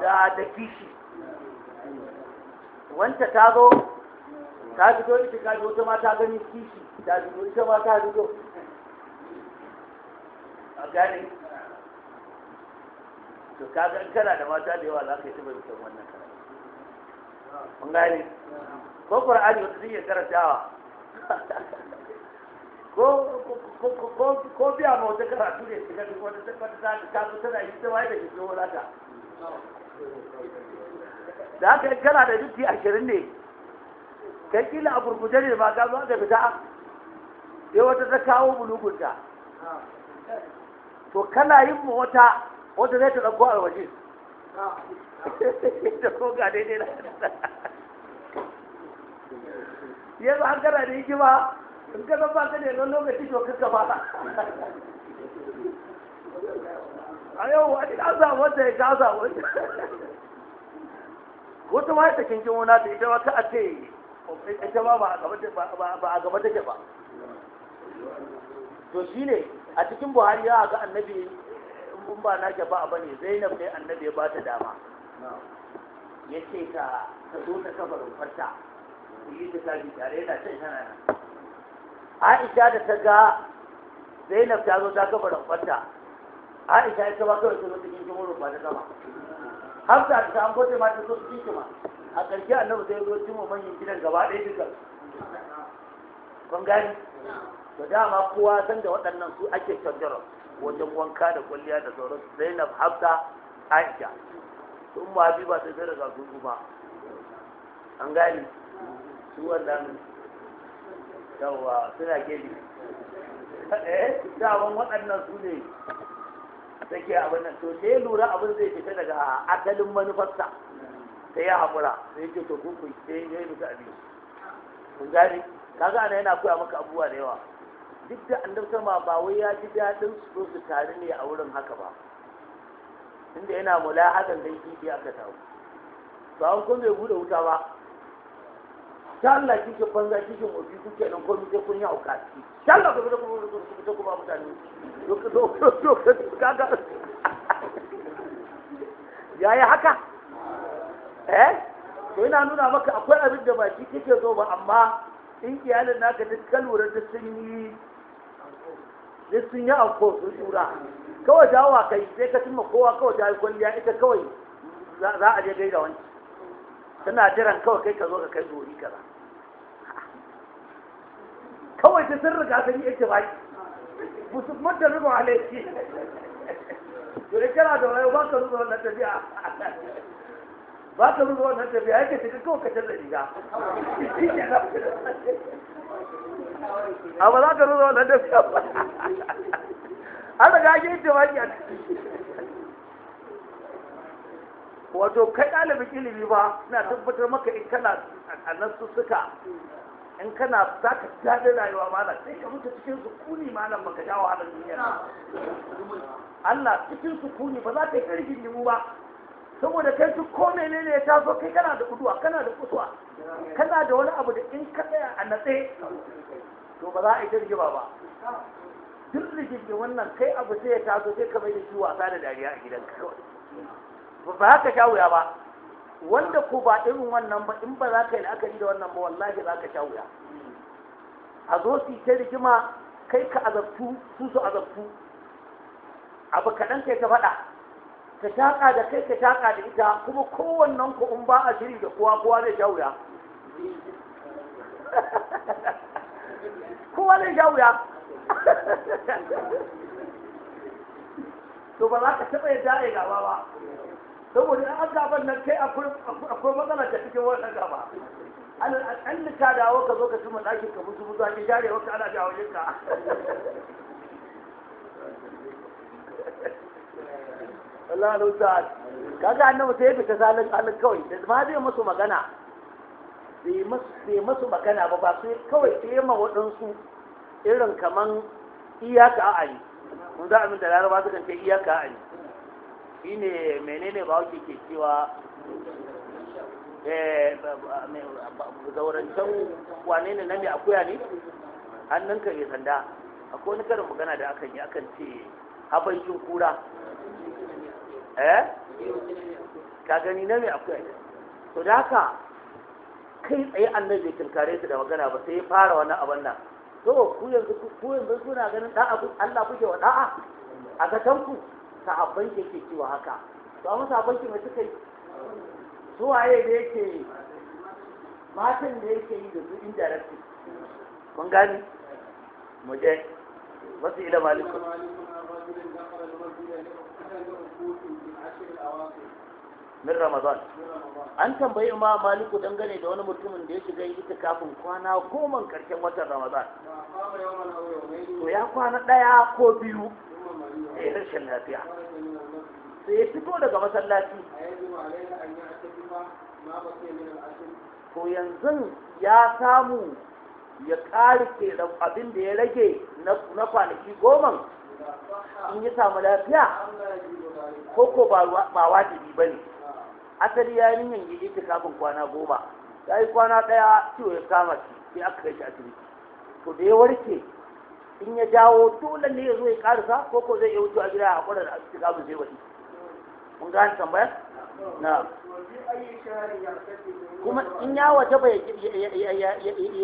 da da kishi wanta ta zo ta fito ita ka zo ta mata gani kishi ta fito ita ma ta fito a gane to kaga in kana da mata da yawa za ka yi tabbatar wannan kana mun gane ko qur'ani wata zai karantawa ko biya ma wata karatu ne shiga duk wata tabbata za ta taso tana yi ta da shi ko lata da haka in kana da minti ashirin ne kai kila a gurguje ne ma ka zo da fita sai wata ta kawo bulugunta to kana yin ma wata zai ta ɗauko alwajin da ko ga daidai na yanzu an da hikima in ka zan baka ne don lokaci to kanka ba a yau wani ka samu wanda ya gaza samu wanda wata ma ta kinkin wuna ta ita wata a ce ita ma ba a gaba take ba to shi ne a cikin buhari ya ga annabi in ba na ke ba bane, zainab ne annabi ya ba ta dama ya ce ka ka zo ta kafa rumfarta ku yi tafi tare da can tana nan aisha da ta ga zainab ta zo ta kafa rumfarta aisha ya ba kawai ta zo cikin jimon rumfa ta gaba hafsa ta ta amfote ma ta zo cikin jima a ƙarshe annabi zai zo cimo manyan gidan gaba ɗaya duka kun gani to dama kowa san da waɗannan su ake canjarar wajen wanka da kwalliya da sauransu zainab hafsa aisha sun ba bi ba ta zara daga sun kuma an gani su wannan yawa suna gini eh daman waɗannan su ne take abin nan to sai lura abin zai fita daga asalin manufarsa sai ya haƙura sai yake to kun kun sai ya yi musu abin kun gani kaga ana yana koya maka abubuwa da yawa duk da annabi sama ba wai ya ji daɗin su su tare ne a wurin haka ba inda yana mulahakan zai kifi aka tawo to an kun bai bude wuta ba Talla Allah kike banza kike mofi kuke nan komai sai kun yi auka ta Allah ku fita ku fita ku ba mutane to to to kaga yayi haka eh to ina nuna maka akwai abin da ba shi kike zo ba amma in iyalin naka duk kalura duk sun yi duk sun yi auko sun tsura kawai dawowa kai sai ka cimma kowa kawai ta yi kwalliya ita kawai za a je gaida wani tana jiran kawai kai ka zo ka kai ka kaza kawai ta sun riga sun yi ita yi musamman da rubin alaiki to da kira da wani ba ka rubuta wannan tafiya ba ka rubuta wannan tafiya yake shiga kawai ka canza riga a ba za ka rubuta wannan tafiya ba an riga ake yin tawaki a wato kai ɗalibin ilimi ba na tabbatar maka in kana a nasu suka in kana za ka daɗin rayuwa malam sai ka mutu cikin sukuni malam baka jawo nan duniya Allah cikin sukuni ba za ka yi ƙarfin nemo ba saboda kai su ko menene ya taso kai kana da kuduwa kana da kusuwa kana da wani abu da in ka tsaya a natse to ba za a yi ba ba duk rigingin wannan kai abu sai ya taso sai ka mai da shi wasa da dariya a gidanka kawai ba haka sha wuya ba wanda ko ba irin wannan ba in ba za ka yi la'akari da wannan ba wallahi za ka sha wuya a zo su ta rigima kai ka azabtu su su azabtu abu kaɗan kai ka faɗa ka shaƙa da kai ka shaƙa da ita kuma kowannen ku in ba a shiri da kowa kowa zai sha wuya kowa zai sha wuya to ba za ka taɓa yadda a gaba ba saboda an gaban nan kai akwai matsala ta cikin wannan gaba an ka dawo ka zo ka tuma ɗakin ka musu musu ake jare wata ana jawo yinka ka Allah na wuta kaga annan sai ya fita zalin alin kawai da ma zai musu magana bai masu magana ba ba sai kawai sai ma waɗansu irin kaman iyaka a ayi mun za a min da laraba su kan ce iyaka a ayi shi ne menene ba wuce ke cewa eh, zaurancen wane ne na mai akuya ne hannunka mai sanda akwai wani karin magana da akan yi akan ce habancin kura eh ka gani na mai akuya ne to da haka kai tsaye annabi bai tunkare su da magana ba sai ya fara wani abin nan to ku yanzu ku yanzu kuna ganin da'a ku Allah kuke wa da'a a ga tanku sahabban ke ke cewa haka to amma sahabban ke mai suka yi su waye da yake matan da yake yi da su indirectly kun gani mu je wasu ila malikum min ramadan an tambayi ma maliku dangane da wani mutumin da ya shiga kafin kwana goma karshen watan ramadan to ya kwana daya ko biyu sai eh, rashin lafiya sai ya fito daga masallaci to yanzu ya samu ya karike abin da ya rage na kwanaki goma in ya samu lafiya ko ko ba wajibi ba ne asali yarinyar yi ita kafin kwana goma ta yi kwana ɗaya ciwo ya kama shi sai aka kai shi asibiti to da ya warke in ya dawo dole ne ya zo ya karasa ko ko zai iya wuce a gida a kwanar da asibiti kafin zai wani mun gane tambaya na kuma in ya waje ba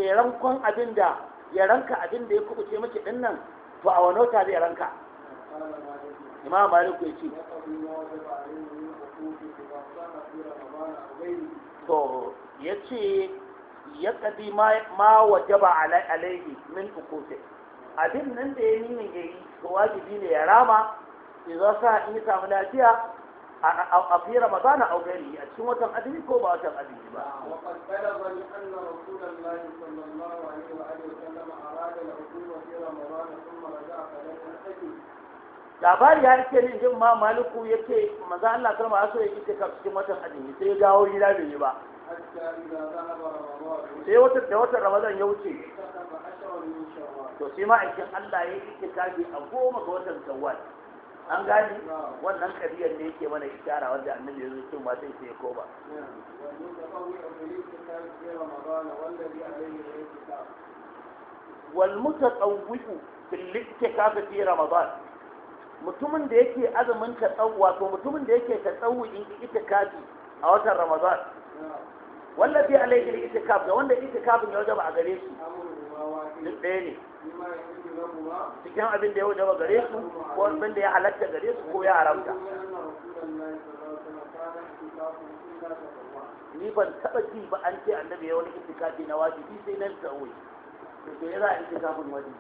ya rankon abin da ya ranka abin da ya kubuce miki din nan to a wani wata zai ranka imam Malik ya ce to ya ce ya kadi ma wajaba alaihi min ukute abin nan da ya nini ya yi to wajibi ne ya rama idan sa in ya samu lafiya a fi ramadana a gari a cikin watan azumi ko ba watan azumi ba وقد بلغني ان رسول الله صلى الله عليه واله وسلم اراد العقوبه في رمضان ثم رجع فلم يحج labari ya rike ne jin ma maliku ya ke, maza Allah ma aso ya kike kaf cikin watan hadisi sai ya dawo gida bai yi ba sai wata da watan ramadan ya wuce to sai ma aikin Allah ya kike kafi a goma ga watan shawwal an gani wannan kabiyar ne yake mana ishara wanda annabi ya zo cikin ma sai sai ko ba والمتطوع في الاعتكاف في رمضان mutumin da yake azumin ka tsawo wato mutumin da yake ka tsawo in kafi a watan ramadan wallafi alaihi da itikaf ga wanda ita kafin ya wajaba a gare shi duk ɗaya ne cikin abin da ya wajaba gare su ko abin da ya halatta gare su ko ya haramta ni ban taɓa ji ba an ce annabi ya wani kafi na wajibi sai nan tsawo to ya za a wajibi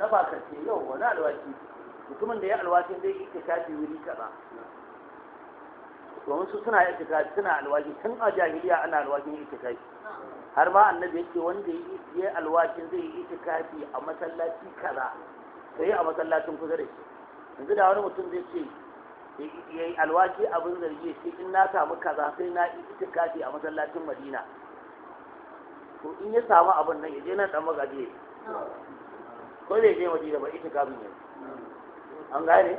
na karfe yau wani alwashi mutumin da ya alwashin zai yi ta shafi wuri kaza domin su suna yi ta suna alwashi tun a jahiliya ana alwashin yi itikafi har ma annabi yake wanda ya yi alwashin zai yi shafi a masallaci kaza ta yi a masallacin kusa da shi yanzu da wani mutum zai ce ya yi alwashi abin zargi ya ce in na samu kaza sai na yi shafi a masallacin madina to in ya samu abin nan ya je nan dan magaji ko zai je da ba ita kafin yanzu an gane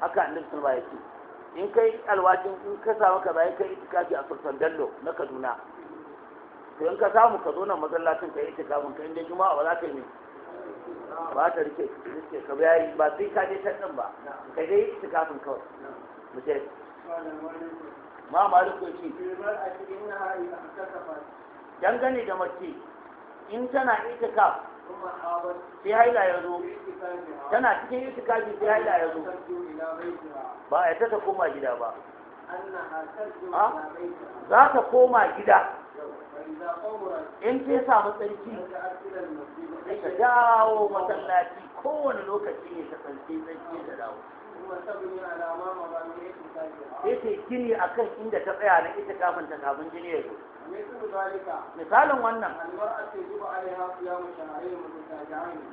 haka annabi sallallahu alaihi wasallam in kai alwajin in ka samu kaza in kai itikafi a sultan dallo na kaduna to in ka samu ka zo nan masallacin kai itikafin ka inda juma'a ba za ka yi ne ba ta rike rike ka bayani ba sai ka je can din ba ka je itikafin kawai mu ce ma maliku ce dangane da mace in tana itikafi sai haila ya zo tana cikin itikafi sai haila ya zo ba a yadda ta koma gida ba za ta koma gida in ta samu tsarki sai ta dawo masallaci kowane lokaci ne ta tsarki tsarki da dawo sai ta yi gini akan inda ta tsaya na ita kafin ta kafin jini ya zo misalin wannan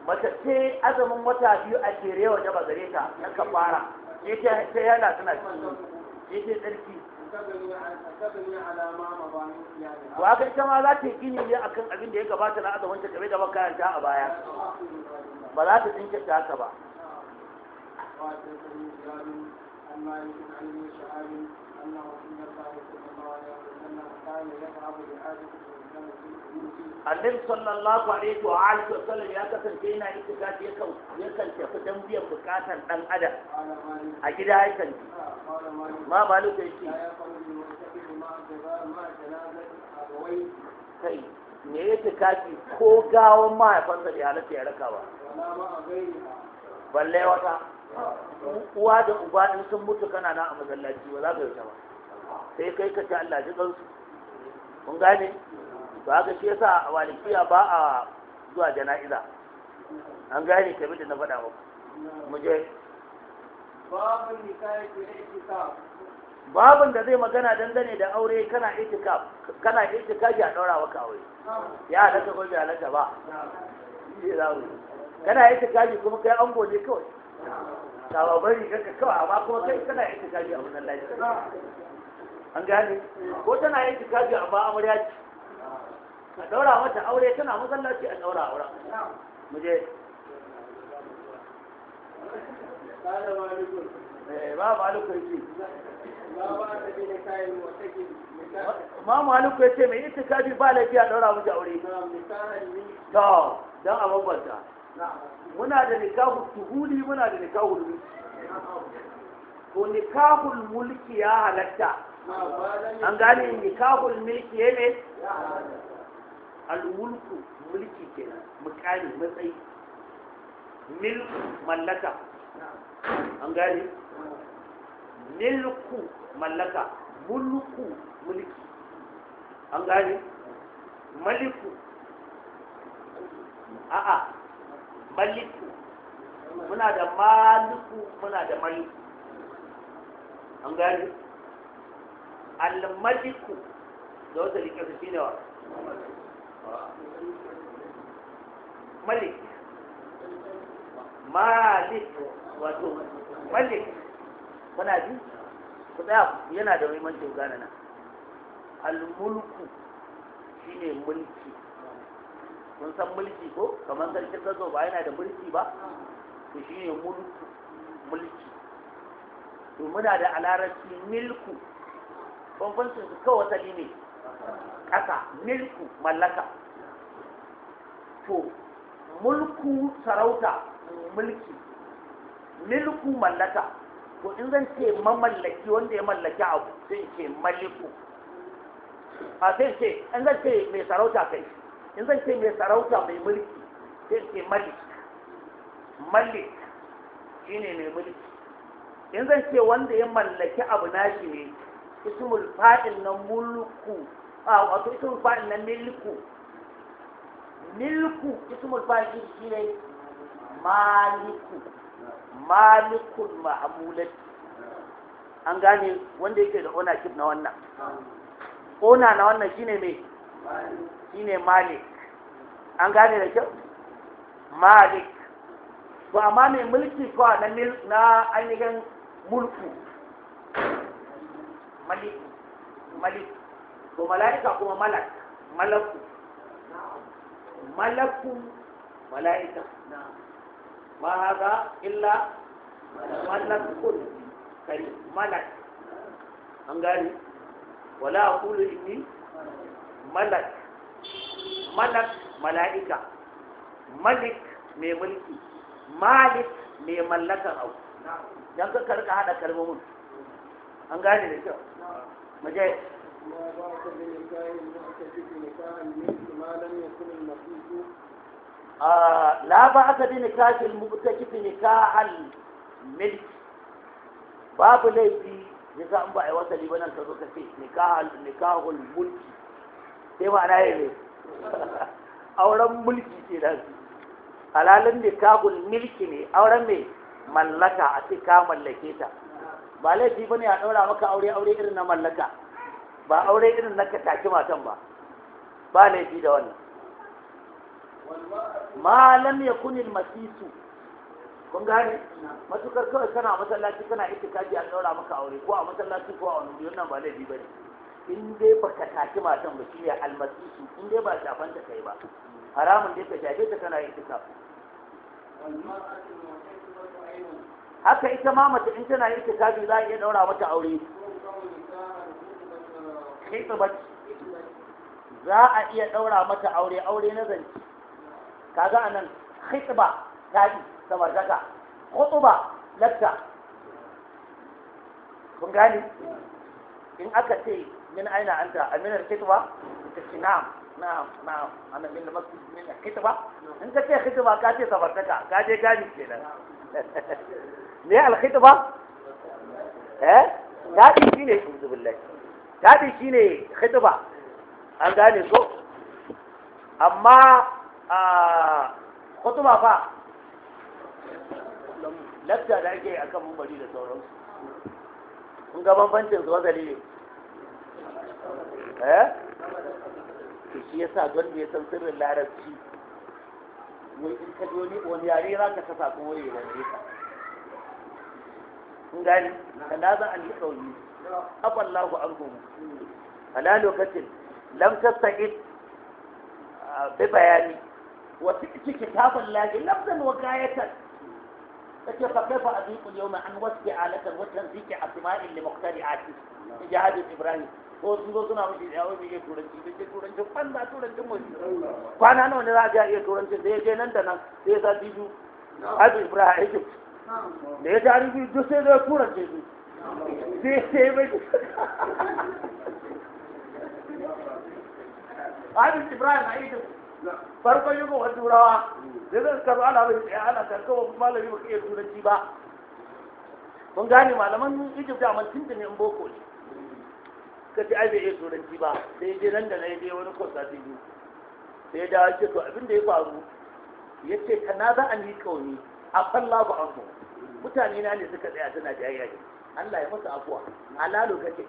mace ce azumin wata biyu a kere wa jaba gare ta na kafara shi ce ta yana suna ci shi ce tsarki to aka ita ma za ta yi gini ne akan abin da ya gabata na azumin ta game da ta a baya ba za ta tsinke ta haka ba عن مالك عن annabi sallallahu alaihi wa alihi wa sallam ya kasance yana itikafi ya yakan tafi dan biyan bukatar dan adam a gida ya ji ma maliku yace kai me itikafi ko gawon gawan mahaifansa da halatta ya raka ba balle wata uwa da uba in sun mutu kana na a masallaci ba za ka yi ta ba sai kai ka ci Allah ji kansu kun gane to haka shi yasa a walikiya ba a zuwa jana'iza an gane kamar da na faɗa muku mu je babun ke itikaf babun da zai magana dangane da aure kana itikaf kana itikafi a daura maka aure ya halaka ko bai halaka ba kana itikafi kuma kai an gode kawai ka bari kanka kawai amma kuma kai kana itikafi a wannan lafiya an gane ko tana yin a ba amarya ce a ɗaura mata aure tana masallaci a ɗaura aure mu je eh, ba ba ce ma maliku ya ce mai ita kafi ba laifi a ɗaura mata aure to don a bambanta muna da nikahu tuhuli muna da nikahu mulki to nikahul mulki ya halatta an gane nikahul milki ya ne al'ulku mulki kenan mukami matsayi milku mallaka an gane milku mallaka mulku mulki an gane maliku a'a maliku muna da maliku muna da maliku an gane almaliku da wata rike su shine wa malik malik wato malik kuna ji ku tsaya yana da muhimmancin gane nan almulku shine mulki kun san mulki ko kamar sarkin zazo ba yana da mulki ba to shine mulku mulki to muna da alarabci milku bambancin su kawai wasali ne ƙasa milku mallaka to mulku sarauta mulki milku mallaka to in zan ce mamallaki wanda ya mallaki abu sai ce maliku a sai ce in zan ce mai sarauta kai in zan ce mai sarauta mai mulki sai ce malik malik shine mai mulki in zan ce wanda ya mallaki abu nashi ne ismul fa'il na mulku a wato ismul fa'il na milku milku ismul fa'il ki ne maliku malikul ma'amulat an gane wanda yake da ownership na wannan ona na wannan shine me shine malik an gane da kyau malik Ba amma mai mulki ko na na ainihin mulku maliku malik to mala'ika kuma malak malaku malaku mala'ika ma haka illa malakun kai malak an gani wala aqulu inni malak malak mala'ika malik mai mulki malik mai mallakan abu dan ka karka hada kalmomin an gane da kyau مجاهد ما بعث بنكاح معتدل نكاحا منه ما لم يكن المخيط لا بعث بنكاح المعتكف نكاح الملك babu laifi ya za an ba a yi wasali ba nan ka zo ka ce nikahul sai ma na yi ne auren mulki ce da su halalin nikahul milki ne auren mai mallaka a ce ka mallake ta ba laifi ba ne a ɗaura maka aure aure irin na mallaka ba aure irin na ka taki matan ba ba laifi da wannan malam ya kuni masisu kun gane matukar kawai kana masallaci kana kaji a ɗaura maka aure ko a masallaci ko a wani biyu nan ba laifi ba ne in dai ba ka taki matan ba shi ne almasisu in dai ba shafan ta kai ba haramun dai ka shafe ta kana itikafi haka ita ma mace in tana yin itikafi za a iya daura mata aure za a iya daura mata aure aure na zanci kaga anan khitba tabi samartaka khutba latta kun gani in aka ce min aina anta aminar khitba ta ce na'am na'am na'am ana min masjid min khitba in ka ce khitba ka ce samartaka ka je gani kenan me alkhitba eh dadi shine shuzu billahi dadi shine khitba an gane so. amma a khutba fa lafta da ake akan mumbari da sauransu kun ga bambancin su wazali ne eh to shi yasa don me ya san sirrin larabci wai in ka wani yare za ka sa kuma wani yare ka kun gani kana za an yi kauli afallahu anhum Na lokacin lam tasta'id bi bayani Wasu ciki kitabin lahi lafzan wa gayatar. ta kace fa kaifa adiqu al-yawma an wasfi alatan wa tanziki asma'in li muqtari'ati jihad ibrahim ko sun zo suna mushi da yawon yake turanci da ke turanci banza turancin mu kwana nawa ne za a iya turancin da ya je nan da nan sai ya sa biyu hadu ibrahim da ya tari biyu duk sai zai tura ce su sai sai mai Abin Ibrahim a Egypt farkon yi kowa turawa da zai karu ana bai tsaye ana karkawa malami ba iya turanci ba kun gane malaman Egypt a mantin da ne boko ne ka ce ai bai iya turanci ba sai dai nan da na je wani kwasa biyu sai ya dawo ce to abin da ya faru ya ce kana za a ni kauni an anhu mutane na ne suka tsaya suna jayayya Allah ya masa afuwa halalu kake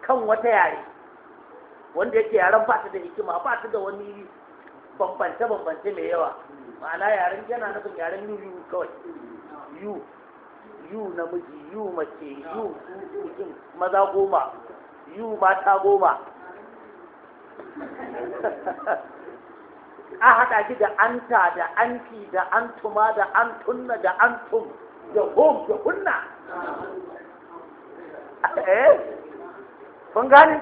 kan wata yare wanda yake yaren ba ta da hikima ba ta da wani bambance bambance mai yawa ma'ana yaren yana nufin yaren yu kawai yu yu namiji yu mace yu maza goma yu mata goma a haɗa ki da anta da anti da antuma da antunna da antum da hom da kunna eh kun gane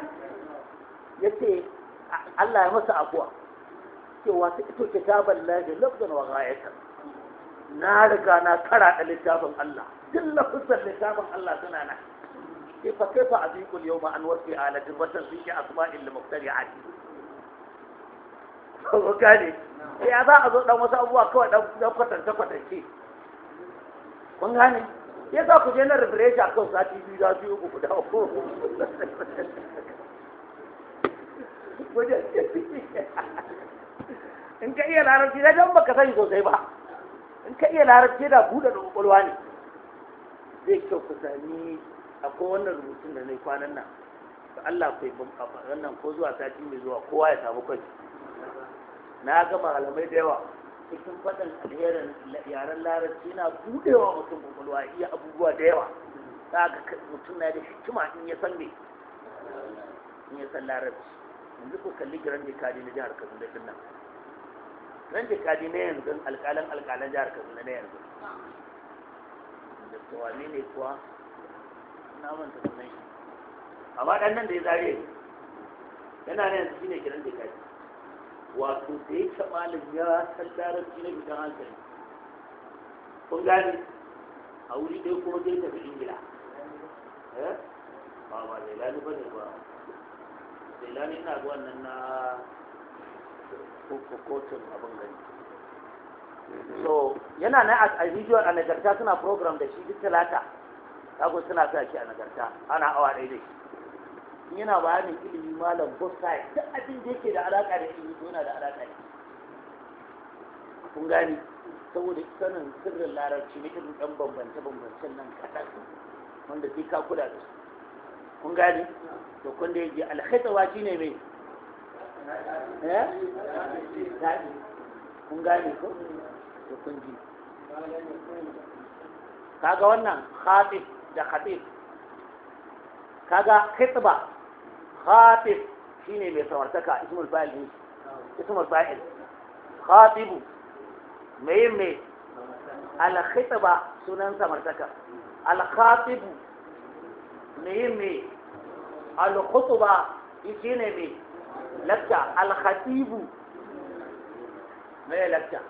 Ya ce Allah ya masa abuwa ce wasu ito kitaban lahi lafzan wa ghayatan na riga na karaɗa littafin Allah duk lafzan littafin Allah suna nan كيف كيف أذيق اليوم عن وصف آلة وتنزيه أسماء المخترعات ka ne ya za a zo dan wasu abubuwa kawai dan kwatanta kwatance kun gane ya za ku je na refresher kan sati biyu za su yi uku guda uku in ka iya larabci na jan baka sani sosai ba in ka iya larabci da buɗe da ƙwaƙwalwa ne zai kyau ku sami akwai wannan rubutun da na yi kwanan nan Allah ku yi wannan ko zuwa sati mai zuwa kowa ya samu kwanci na ga malamai da yawa cikin faɗin alherin yaren larabci na budewa mutum kwakwalwa iya abubuwa da yawa za ka mutum na da hikima in ya san me in ya san larabci yanzu ku kalli giran kadi na jihar kaduna din nan giran kadi na yanzu alƙalan alƙalan jihar kaduna na yanzu da tawani ne kuwa na manta sunan shi amma ɗan nan da ya zare yana nan yanzu shine giran kadi wato da kama da ya san larabci na bidan hankali kun gane a wuri ɗaya kuma zai tafi ingila eh? ba ba lailani ba ne ba lailani ina ga wannan na kotun abin gani so yana na a rijiyar a nagarta suna program da shi duk talata kago suna sa shi a nagarta ana awa ɗaya da shi yana bayanin ilimi malam bosai duk abin da yake da alaka da ilimi to yana da alaka ne. kun gani saboda sanin sirrin larabci ne irin dan bambance-bambancen nan kaɗan wanda sai ka kula da su kun gani to kun da yake alhaitawa shi mai eh kun gani ko to kun ji kaga wannan khatib da khatib kaga khitba khatib shine mai samartaka ismul fa'il ne ismul fa'il khatibu mai al-khitba sunan samartaka al-khatibu mai mai al-khutba shine mai lakta al-khatibu mai lakta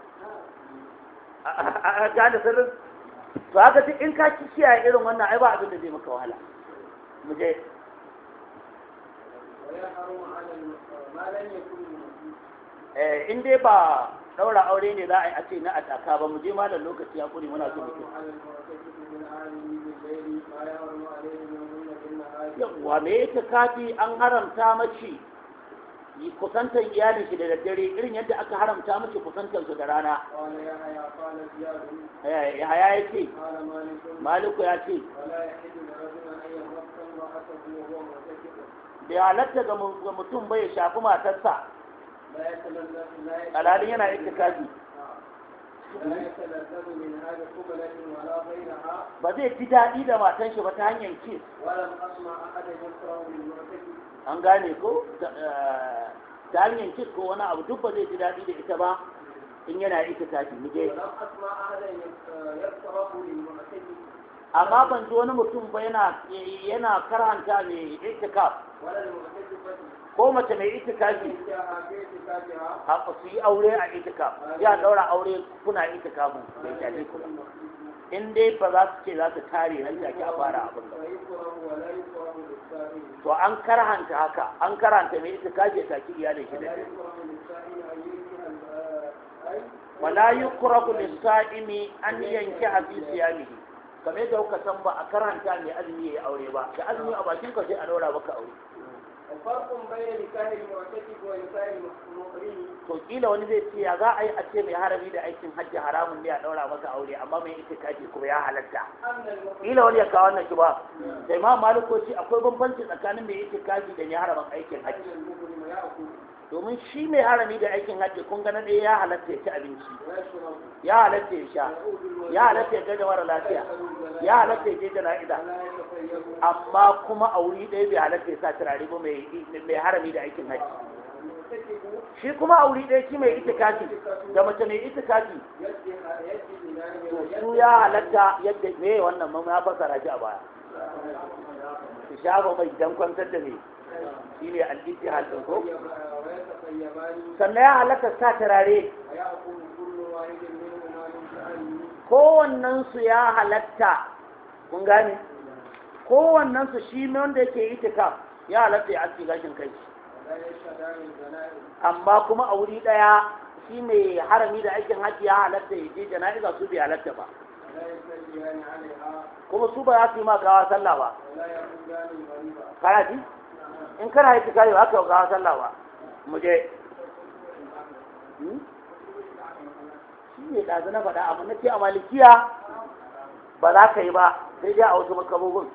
a ta da sirrin to haka duk in ka kiyaye irin wannan ai ba abin zai maka wahala mu je Eh, in dai ba daura aure ne za a yi a ce na taka ba mu je da lokaci ya kuri muna so mutum yawwa me ta kafi an haramta mace kusantar iyalin shi da daddare irin yadda aka haramta mace kusantar su da rana eh, ya haya ya ce maliku ya ce bai halatta ga mutum bai shafi matarsa alalin yana kaji ba zai fi daɗi da matan shi ba ta hanyar kis an gane ko ta eh, hanyar kis ko wani abu duk ba zai fi daɗi da ita ba in yana itikafi mu je amma ban ji wani mutum ba yana yana karanta ne itika ko mace mai itikafi a su yi aure a itika ya daura aure kuna mu bai shafi ku in dai ba za su ce za su kare nan da a fara abin da to an karanta haka an karanta mai itikafi ta ki iyalin shi da wala yukrahu lis-sa'imi an yanki ya siyamihi kamar yadda kuka san ba a karanta ne azumi ya aure ba da azumi a bakin ka sai a daura maka aure farkon bayan nikahin mu'takifi wa nikahin muhrim to kila wani zai ce ya za a yi a ce mai harami da aikin hajji haramun ne a daura maka aure amma mai itikafi kuma ya halatta kila wani ya kawo wannan ba Sai ma imam shi akwai bambanci tsakanin mai kaji da mai haramin aikin hajji domin shi mai harami da aikin hajji kun ga ɗaya ya halatta ya ci abinci ya halatta ya sha ya halatta ya gada mara lafiya ya halatta ya je jana'iza amma kuma a wuri ɗaya bai halatta ya sa turare ba mai harami da aikin hajji shi kuma a wuri ɗaya shi mai ita kafi da mace mai itikafi to su ya halatta yadda me wannan mamma ya fasara shi a baya shi shafa mai dan kwantar da me shi ne al-ittihad ko sannan ya halatta sa turare kowannensu ya halatta kun gane kowannensu shi mai wanda yake yi tikaf ya halatta ya aski gashin kai amma kuma a wuri ɗaya shi mai harami da aikin haji ya halatta ya je jana'iza su bai halatta ba kuma su ba za su yi ma gawa sallah ba kana ji in kana haiti kayo aka gawa sallah ba muje hmm? shi ne ɗazu na faɗa abu na ce a malikiya ba za ka yi ba sai dai a wasu makabobin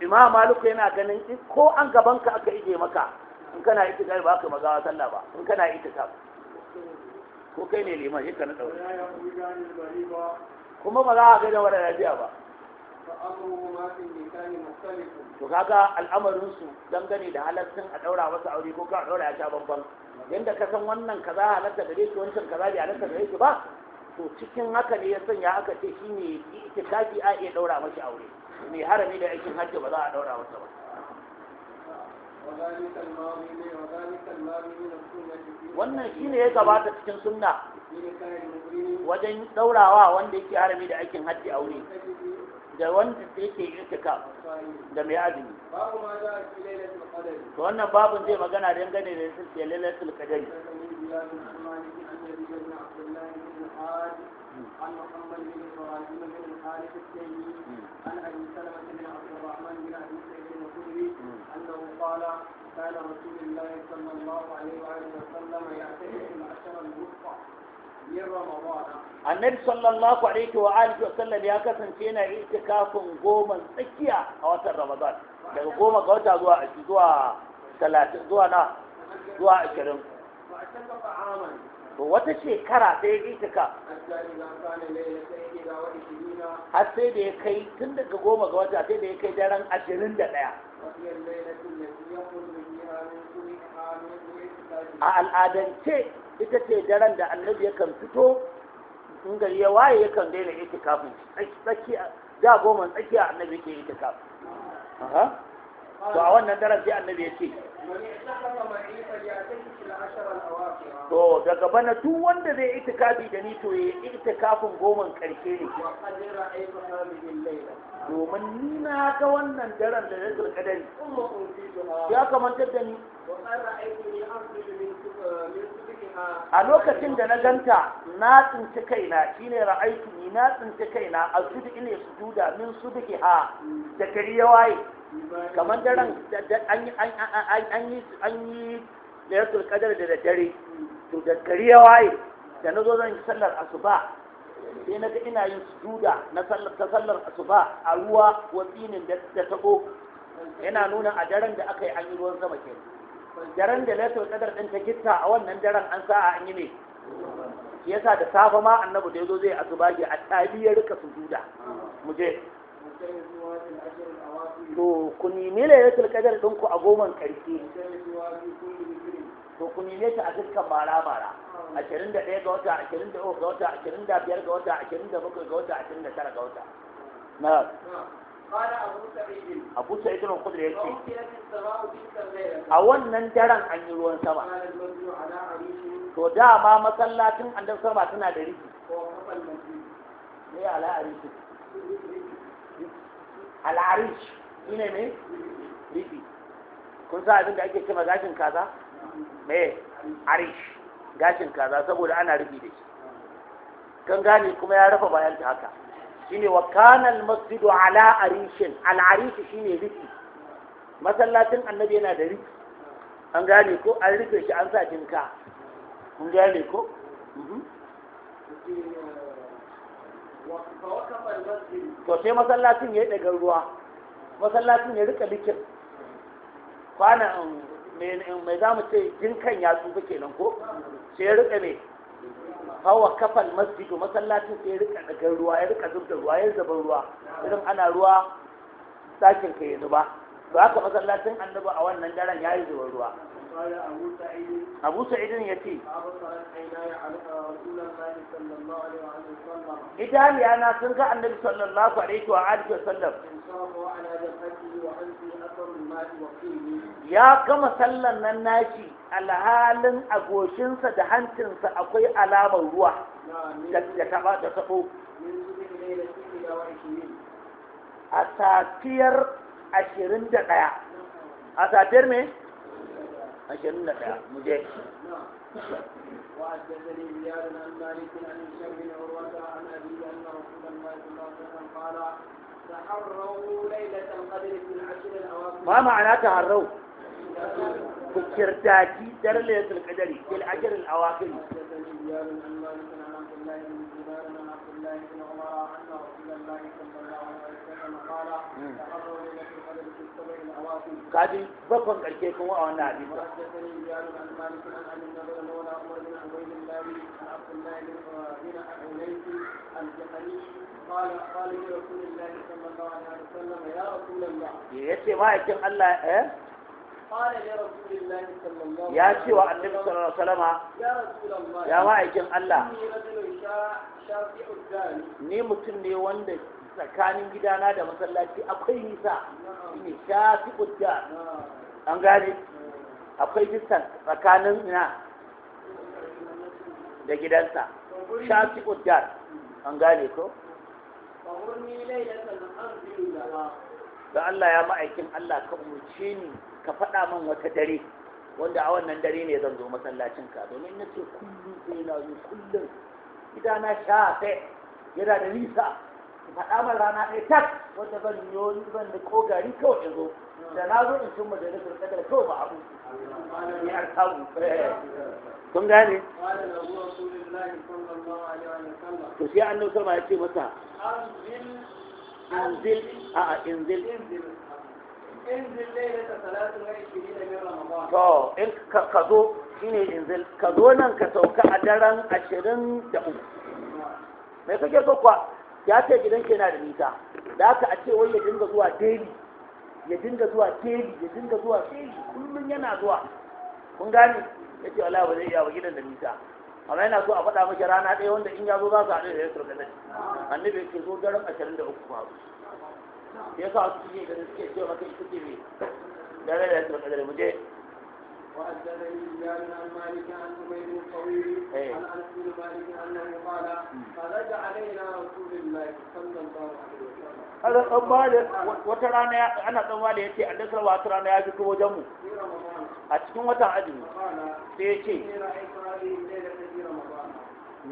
imam maliku yana ganin ko an gaban ka aka ije maka in kana ita kai ba ka magawa sallah ba in kana ita ta ko kai ne liman shi ka na ɗaure kuma ba za a gaida wani lafiya ba to kaga al'amarin su dangane da halattun a daura wasu aure ko ka daura ya sha babban yanda ka san wannan kaza halarta da shi wancan kaza bai halatta da yake ba to cikin haka ne ya sanya aka ce shine itikafi a iya daura mashi aure mai harami da aikin hajji ba za a daura wasu ba wannan shi ne ya gabata cikin sunna wajen daurawa wanda yake harami da aikin hajji aure da wanda yake itika da mai azumi to wannan babun zai magana dangane da yasin ke lailatul qadari عن محمد بن قال كان رسول الله صلى الله عليه وآله وسلم يعتمد العشر الوسطى من رمضان النبي wa الله عليه وآله وسلم يا كسن كينا goma tsakiya a watan Ramadan daga goma ga wata zuwa zuwa talatin zuwa na zuwa ashirin to wata shekara sai ya itika har sai da ya kai tun daga goma ga wata sai da ya kai daren ashirin da ɗaya a al'adance ita ce daren da annabi ya kan fito in gari ya waye ya kan daina kafin tsakiya da goma tsakiya annabi ke ita kafin. to a wannan daren annabi ya ce to daga bana duk wanda zai itikafi da ni to ya itikafin goma karshe ne domin ni na ga wannan daren da ya zirka ya kamanta da ni a lokacin da na ganta na tsinci kaina shine ra'aitu ni na tsinci kaina a sudu su sujuda min sudu ha da gari ya waye kamar daren an yi layatul kadar da dare, to da kari ya waye da na zo zan yi sallar asuba sai na ga ina yin duda na sallar ta sallar asuba a ruwa wasinin da tabo yana nuna a daren da aka yi an yi ruwan sama ke daren da laifin kadar ɗin ta gitta a wannan daren an sa'a an yi ne yasa da safe ma annabu da zo zai asuba ya attabi ya rika duda, mu je to ku da lailatul qadar din ku a goman karshe to ku neme ta a dukkan bara bara 21 ga wata 23 ga wata 25 ga wata 27 ga wata 29 ga wata na'am قال أبو سعيد أبو سعيد a wannan daren an yi ruwan sama to dama masallacin annabi sama tana da riki ne ala al'arish shi ne mai rufi kun sa abin da ake cewa gashin kaza mai arish gashin kaza saboda ana rufi da shi kan gane kuma ya rufe bayan ta haka shine wa kana al-masjidu ala arishin al-arish shine rufi masallacin annabi yana da rufi an gane ko an rufe shi an sa jinka kun gane ko mhm. to sai masallacin ya yi daga ruwa masallacin ya rika likin kwana mai um, um, za mu ce jinkan ya tsufa kenan ko sai ya rika ne hawa kafal masjidu masallacin sai ya rika daga ruwa ya rika zubda ruwa ya zaba ruwa irin ana ruwa sakin ka ya zuba to haka masallacin annabi a wannan daren ya yi zuba ruwa abu sa'idin ya ce idaniya na sun ga annabi sallallahu alaihi wa alihi wasallam ya gama sallar nan nashi alhalin a da hancinsa akwai alamar ruwa da taba da tabo a safiyar ashirin da ɗaya عشان نفع مجيد وحدثني زياد عن مالك عن هشام بن عروه عن ابي ان رسول الله صلى الله عليه وسلم قال تحروا ليله القدر في العشر الاواخر ما معنى تحروا؟ كرتاكي ترى ليله القدر في العشر الاواخر حدثني زياد عن مالك عن عبد الله بن زبير عن عبد الله بن عمر ان رسول الله صلى الله عليه وسلم قال تحروا ليلة kaji bakon karke kuma a wannan hadisi ya ce ma'aikin Allah eh ya ce wa annabi sallallahu alaihi wasallama ya ma'aikin Allah ni mutum ne wanda tsakanin gidana da masallaci akwai nisa shine shafi kudda an gane akwai distance tsakanin ina da gidansa shafi kudda an gane ko da Allah ya ma'aikin Allah ka umarci ni ka faɗa min wata dare wanda a wannan dare ne zan zo masallacinka domin na ce kullum sai na zo kullum gidana shafe yana da nisa faɗa min rana ɗaya tak wanda ban yi ban da ko gari kawai ya zo da na zo in cin majalisar kadar kawai ba abu ya samu kun gane to sai annabi sama ya ce masa anzil a a inzil Inzil. salatu ne to in ka zo shine inzil ka zo nan ka sauka a daren ashirin da uku me kake so kuwa? ya ce gidan ke na da nisa da aka a ce wai ya dinga zuwa daily ya dinga zuwa daily ya dinga zuwa daily kullum yana zuwa kun gane ya ce wala ba zai iya ba gidan da nisa amma yana so a faɗa miki rana ɗaya wanda in ya zo za su haɗu da yasir nan annabi ke zo daren ashirin da uku ba ya sa su suke ganin suke ce maka ita ce mai da yasir nan mu je وحدثني بلال عن مالك عن زبير الطويل عن انس بن مالك انه قال خرج علينا رسول الله صلى الله عليه وسلم هذا tsammalin wata rana ana tsammalin ya yace an dasa wata rana ya fito wajen mu a cikin watan azumi sai ya ce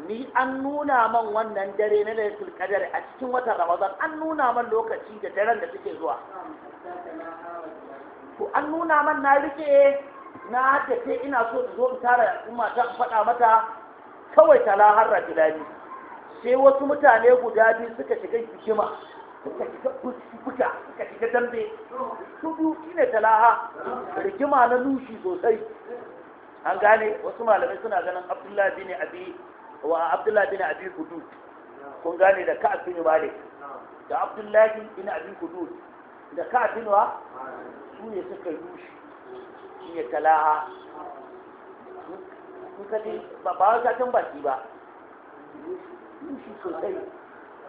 ni an nuna man wannan dare na lailatul qadar a cikin watan ramadan an nuna man lokaci da daren da suke zuwa to an nuna man na rike na haddace ina so zo in tara al'umma ta faɗa mata kawai tala harra filani sai wasu mutane guda biyu suka shiga hikima suka shiga fuka suka shiga dambe su biyu shine talaha rigima na nushi sosai an gane wasu malamai suna ganin abdullahi bin abi wa abdullahi bin abi hudud kun gane da ka'ab bin malik da abdullahi bin abi hudud da ka'ab bin wa su ne suka nushi shi ya talaha ba wa satin baki ba nushi sosai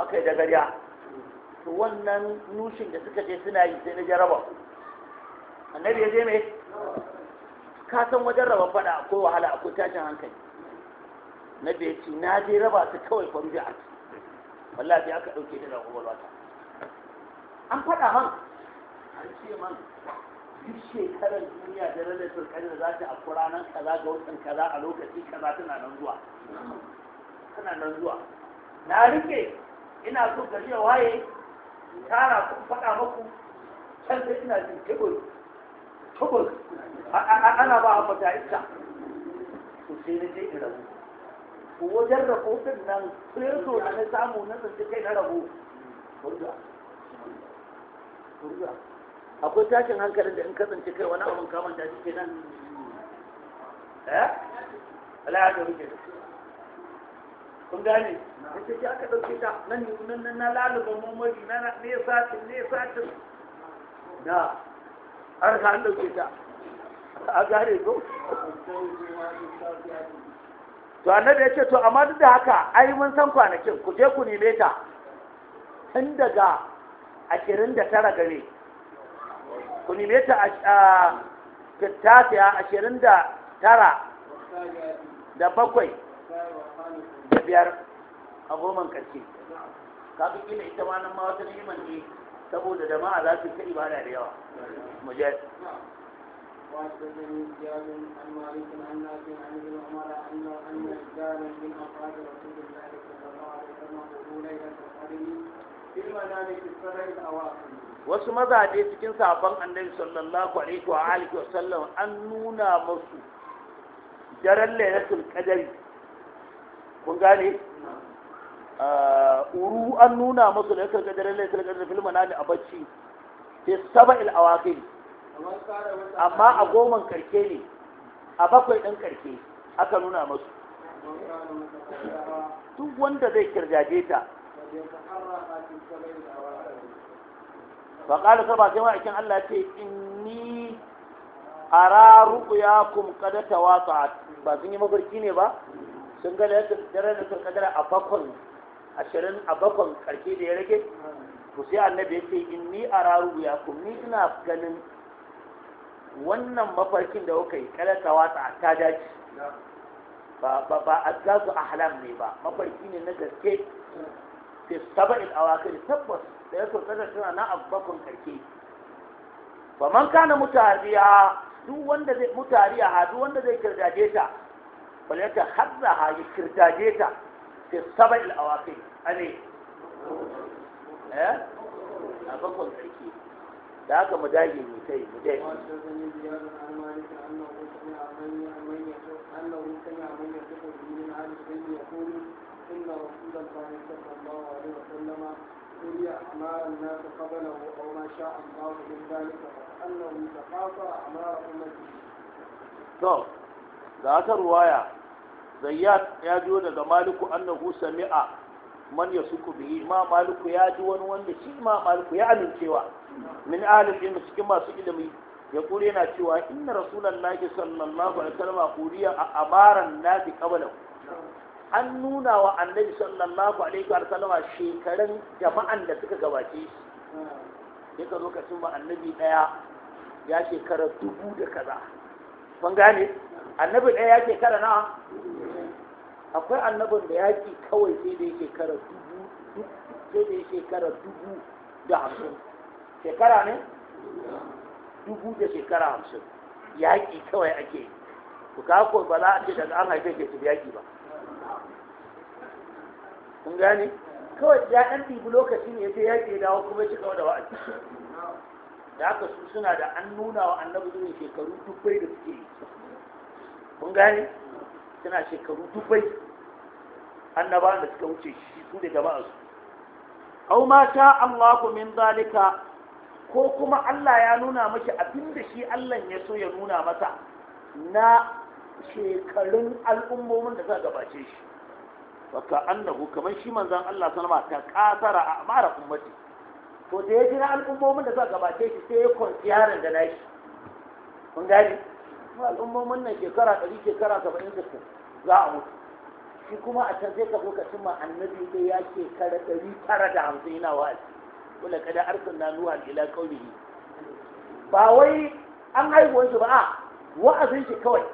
aka yi dagarya, to wannan nushin da suka je suna yi sai na jaraba annabi ya je mai ka san wajen raba fada akwai wahala akwai tashin hankali na bai ce na je raba su kawai faru a ake wallafi aka ɗauke da ragowar wata an faɗa man an ce man duk shekarar duniya da da kai za zaka a ranar kaza ga watan kaza a lokaci kaza tana nan zuwa tana nan zuwa na rike ina so ga ya waye tara ku faɗa maku can sai ina jin tubul tubul ana ba a fata ita to sai na je in rabu to wajen da kofin nan sai so na samu na tsinci kai na rabo turga turga akwai tashin hankalin da in kasance kai wani abin kamar tashi ke nan eh ala da ruke kun gane da ke aka ɗauke ta nan ne nan na lalubar mamari na ne satin ne satin da har ka an ɗauke ta a gare ko to annabi ya ce to amma duk da haka ai mun san kwanakin ku je ku nime ta tun daga 29 da tara ku me ta a ashirin da tara da bakwai da biyar a goman ƙarshe kafin ita ma nan ma wata neman ne saboda da jama'a za su ta ibada da yawa mu je وحدثني زياد عن مالك عن نافع عن ابن عمر ان ان رجالا من اصحاب رسول الله صلى الله عليه وسلم قولوا ليله القدر في المنام في الاواخر wasu mazaje cikin sabon annabi sallallahu alaihi wa alihi wa sallam an nuna musu daren lailatul qadari kun gane ah, uru an nuna musu kaga daren lailatul qadari fil manami a bacci fi sab'il awaqir amma a goman karke ne a bakwai ɗin karke aka nuna musu duk wanda zai kirjaje ta fa qala saba sai ma'aikin Allah ya ce inni ara ruqyakum qad tawaqa'at ba sun yi mafarki ne ba sun ga daren da sun a bakon ashirin a bakon karshe da ya rage sai annabi ya ce ni ganin wannan mafarkin da kuka yi kada tawaqa'at ta dace ba ba ba azzazu ahlam ne ba mafarki ne na gaske fi sab'il awakir tabbas da ya suna na abubakar karke ba man kana mutariya duk wanda zai mutariya ha duk wanda zai kirdaje ta bale ta hadda ha ya kirdaje ta saba saba'il awaqi ane eh abubakar karke da haka mu dage mu kai mu dage أنه رسول الله صلى الله عليه وسلم كل أعمال الناس قبله أو ما شاء الله من ذلك فكأنه تقاطع أعمال أمته. طب ذات رواية زيات يا جود أنه سمع man ya suku bihi ma maliku ya ji wani wanda shi ma maliku ya amincewa min alim ilmi cikin masu ilimi ya kure yana cewa inna rasulallahi sallallahu alaihi wasallam quriya a amaran nafi qablahu an nuna wa annabi sallallahu alaihi wa sallama shekarun jama'an da suka gabace shi ka lokacin ba annabi daya ya shekara dubu da kaza kun gane annabi daya ya shekara na akwai annabin da yaki kawai sai da shekara dubu sai da shekara dubu da hamsin shekara ne dubu da shekara hamsin yaƙi kawai ake ku kako ba za a ce daga an haife ke su yaƙi ba kun gane kawai ya ɗan ɗibi lokaci ne sai ya ke dawo kuma shi kawai da wa'azi da haka su suna da an nuna wa annabi zuwa shekaru dubbai da suke yi kun gane suna shekaru dubbai annabawan da suka wuce shi su da jama'ar su au ma sha ku min zalika ko kuma Allah ya nuna mashi abinda shi Allah ya so ya nuna masa na shekarun al'ummomin da za gabace shi faka annahu kamar shi manzan Allah sallama ta kasara a amara ummati to da ya jira al'ummomin da suka gabace shi sai ya kwanci yaron da shi. kun gani al'ummomin nan shekara 100 shekara 70 60 za a mutu shi kuma a can sai ka zo ka cimma annabi sai ya ce kara 950 yana wa'azi wala kada na nuwa ila qaumihi ba wai an haihuwar shi ba a wa'azin shi kawai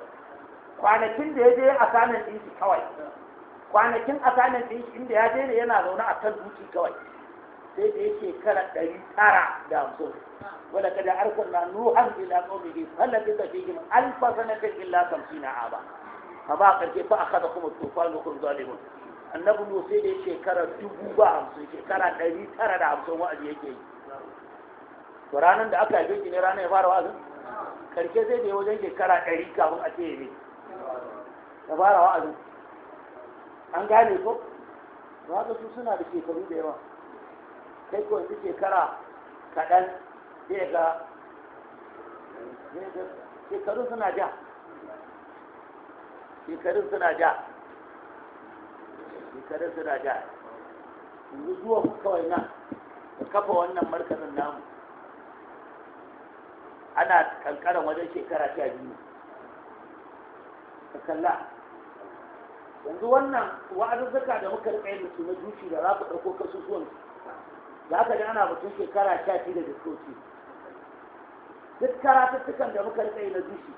kwanakin da ya je a sanin din shi kawai kwanakin asanin ɗin shi inda ya daina yana zaune a kan duki kawai sai da yake kara ɗari tara da hamsin wadda kada arkon na nuhan ila qaumihi fallabi ta fihim alfa sanatin illa kamsina aba fa ba karke fa akhadha kum tufanu kum zalimun annabi no sai da yake kara dubu ba hamsin shekara ɗari tara da hamsin wa'azi yake yi to ranar da aka haife shi ne ranar ya fara wa'azin karke sai da wajen shekara ɗari kafin a ce ne ya fara wa'azin an gane ko ba ga su suna da shekaru da yawa kai ko yanzu shekara kaɗan zai ga shekaru suna ja shekaru suna ja shekaru suna ja yanzu zuwa ku kawai nan da kafa wannan markazin namu ana kankaran wajen shekara sha biyu ka kalla yanzu wannan wa'azuzzuka da muka rika yin su na dushi da za ku ɗauko kasusuwan za ka ji ana batun shekara sha da diskoci duk karatuttukan da muka rika yi na dushi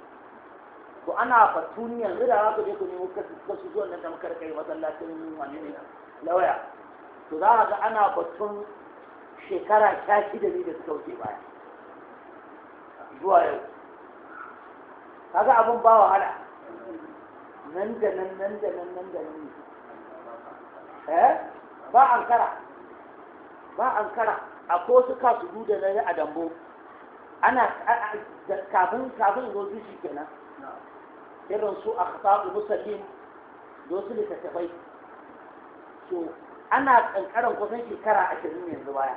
to ana batun yanzu da za ku je ku nemo kasusuwan nan da muka rika yi masallacin wani ne lawaya to za ka ga ana batun shekara sha shida ne da suka wuce baya zuwa yau kaga abin ba wahala nan da nan nan da nan nan da nan eh ba ankara ba ankara akwai wasu su da na yi a dambo ana kafin kafin zo shi kenan irin su a kasabu musallin su wasu littattafai so ana kankaran kusan shekara ashirin yanzu baya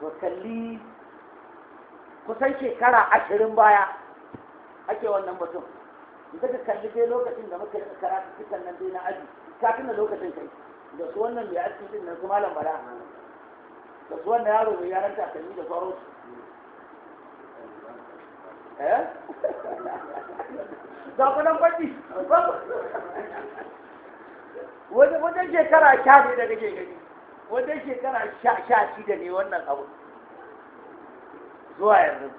wa kusan shekara ashirin baya ake wannan mutum da ka kalli dai lokacin da muka rika karatu cikin nan dai na aji kafin na lokacin kai da su wannan mai aji din nan su malam bala da su wannan yaro mai yaran takalmi da sauran su eh za ku nan baki wajen shekara sha ne da nake gani wajen shekara sha da ne wannan abu zuwa yanzu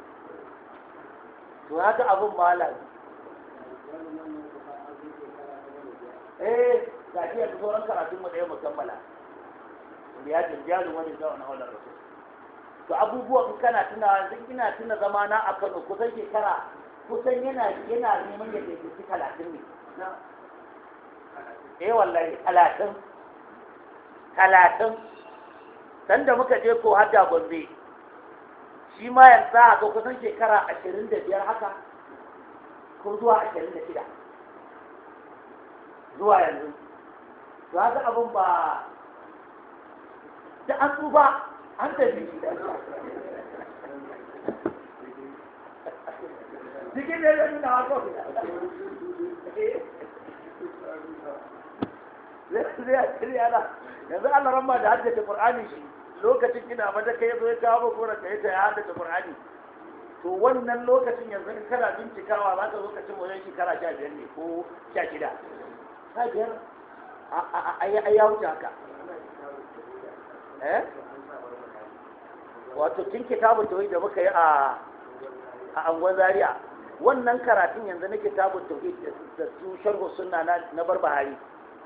to haka abin ba malam eh ga shi yanzu sauran karatun mu da ɗaya mukammala jin jalu wani zaun na wannan rasul to abubuwa in kana tuna duk ina tuna zama na a Kano kusan shekara kusan yana yana neman ya tafi talatin ne eh wallahi talatin talatin sanda muka je ko hadda gombe shi ma yanzu za a ga kusan shekara ashirin da biyar haka ko zuwa ashirin da shida zuwa yanzu to haka abin ba da an tsufa an tafi cikin da zai nuna wato zai a yanzu Allah ramma da haddace Qur'ani shi lokacin ina da kai zo ya kawo gora kai ta ya da qur'ani to wannan lokacin yanzu in kana bincikawa ba ka zo ka cin wajen shekara sha biyar ne ko sha shida sha biyar a ya wuce haka eh wato tun kitabun tauhid da muka yi a a angon zaria wannan karatun yanzu na kitabun tauhid da su sharhu sunna na na barbahari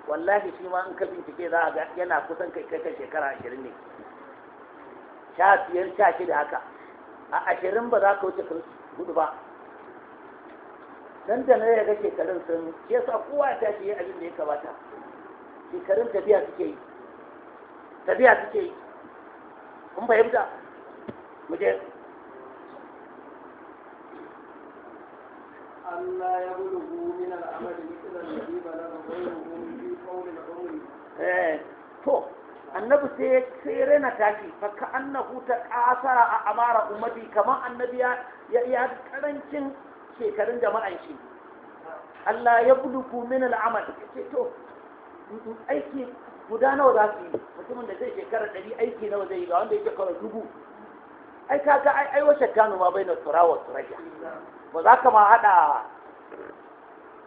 wallahi shi ma in ka bincike za a ga yana kusan kai kai shekara 20 ne sha biyar sha shida haka a ashirin ba za ka wuce gudu ba Dan da na ya ga shekarun sun shi yasa kowa ya tashi yi abin da ya kamata shekarun tafiya suke yi tafiya suke yi kun fahimta mu je Allah ya bulugu min al'amali mislan ladhi balagha ghayruhu fi qawl al-umri eh to annabi sai ya tsere na tashi faka annahu ta kasara a amara ummati kamar annabi ya ya karancin shekarun jama'an shi Allah ya buluku min al'amal ce to aiki guda nawa za su yi mutumin da zai shekara ɗari aiki nawa zai yi ga wanda ya shekara dubu ai kaga ai ai wacce kanu ma bai na turawa turaja ba za ka ma haɗa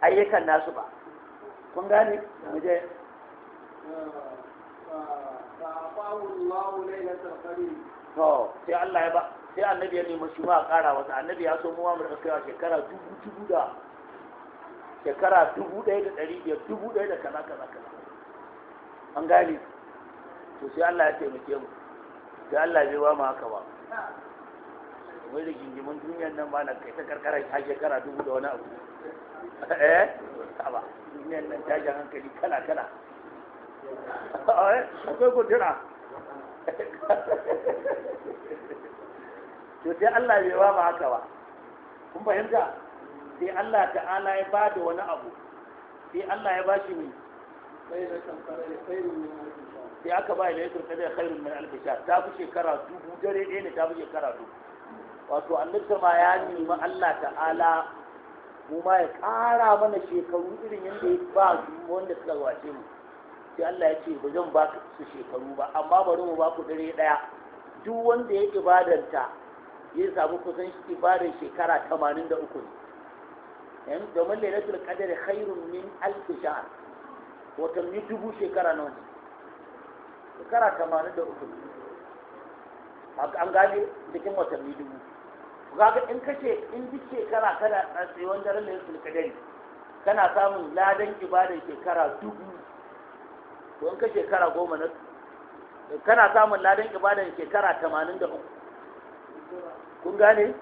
ayyukan nasu ba kun gane mu je ah, ah, to sai Allah ya ba sai annabi ya nemi shi ma kara wata annabi ya so mu mu da kaiwa shekara dubu dubu da shekara dubu ɗaya da ɗari biyar dubu ɗaya da kaza kaza kaza an gane to sai Allah ya taimake mu sai Allah bai ba mu haka ba wai da gingimin duniyar nan ba na kai ta karkara ta shekara dubu da wani abu eh ba duniyar nan ta hankali kala kala Eh, akwai gundura to sai Allah bai ba haka ba kun fahimta sai Allah ta'ala ya ba da wani abu sai Allah ya ba shi ne sai aka ba ilaitul zai khairun min alf ta fi shekara dubu dare ɗaya ne ta fi shekara dubu wato annabta ma ya nemi Allah ta'ala mu ma ya ƙara mana shekaru irin yadda ya ba su wanda suka wace mu sai Allah ya ce ba zan ba su shekaru ba amma bari mu ba ku dare daya duk wanda ya ibadanta ya samu kusan ibadar shekara 83 ne domin lailatul qadr khairun min alf shahr watanni dubu shekara nawa ne shekara 83 ne an gane cikin watanni dubu kaga in kace in duk shekara kana tsayuwar daren lailatul qadr kana samun ladan ibadar shekara dubu to in ka shekara goma na kana samun ladan ibadan shekara tamanin da uku kun gane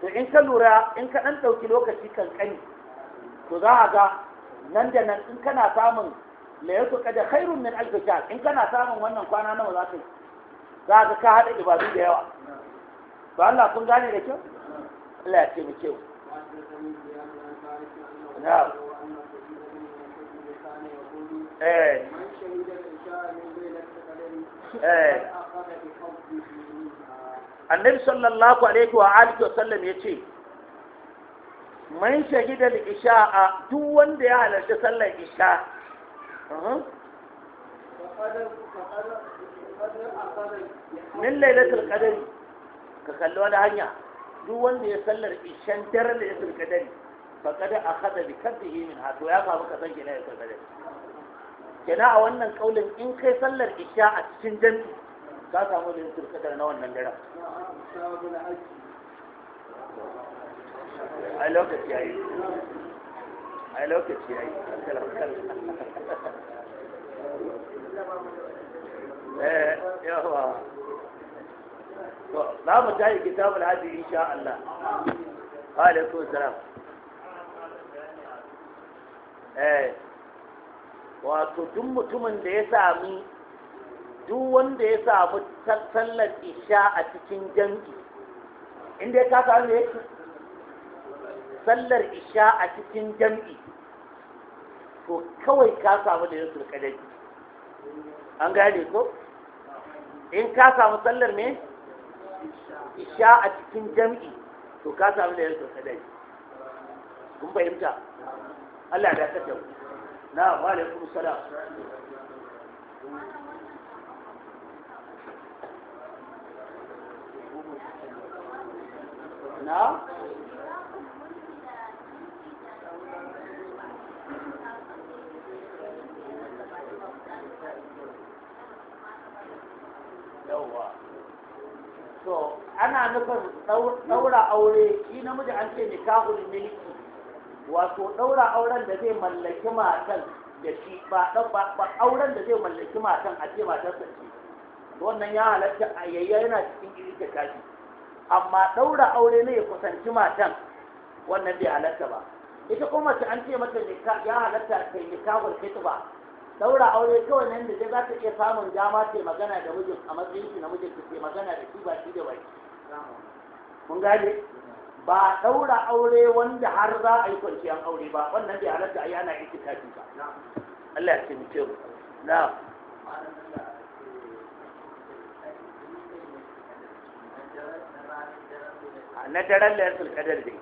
to in ka lura in ka ɗan ɗauki lokaci kankani to za a ga nan da nan in kana samun la ya su kada khairun min alfi in kana samun wannan kwana nawa za ka yi za ka ka haɗa ibadu da yawa to Allah kun gane da kyau Allah ya ce mu kyau na'am Eh. Eh. annabi sallallahu alaihi wa alihi wa sallam yace man shahida ishaa duk wanda ya halarci sallar isha min lailatul qadari ka kalli wani hanya duk wanda ya sallar ishan daren lailatul qadari kada akhadha bi kadhihi min hatu ya fa samu kasan gina lailatul qadari kenan a wannan kaulin in kai sallar isha a cikin jami'i ka samu da yusuf kadar na wannan daren ai lokaci yayi ai lokaci yayi eh yawa to za mu tayi kitabul hadi insha Allah alaikum salam eh wato duk mutumin da ya sami duk wanda ya samu sallar isha a cikin jam'i inda ya kasa ne sallar isha a cikin jam'i to kawai ka samu da yusuf kadari an gane ko in ka samu sallar ne isha a cikin jam'i to ka samu da yusuf kadai, kun fahimta Allah ya dakatar na wa alaikum salam na ana nufin ɗaura aure shi namiji an ce nikahul milki wato ɗaura auren da zai mallaki matan da shi ba ba auren da zai mallaki matan a ce matarsa ce wannan ya halatta a yayya yana cikin iri da kaji amma ɗaura aure ne ya kusanci matan wannan bai halatta ba ita kuma ce an ce mata ya halatta kai kitu ba. daura aure kawai nan da zai za ta iya samun dama sai magana da mijin a matsayin shi na mijin ta magana da shi ba shi da baki mun gane ba ɗaura aure wanda har za a yi kwanciyar aure ba wannan da halatta a yi iki tafi ba Allah ya ce mu na na daren layar da dai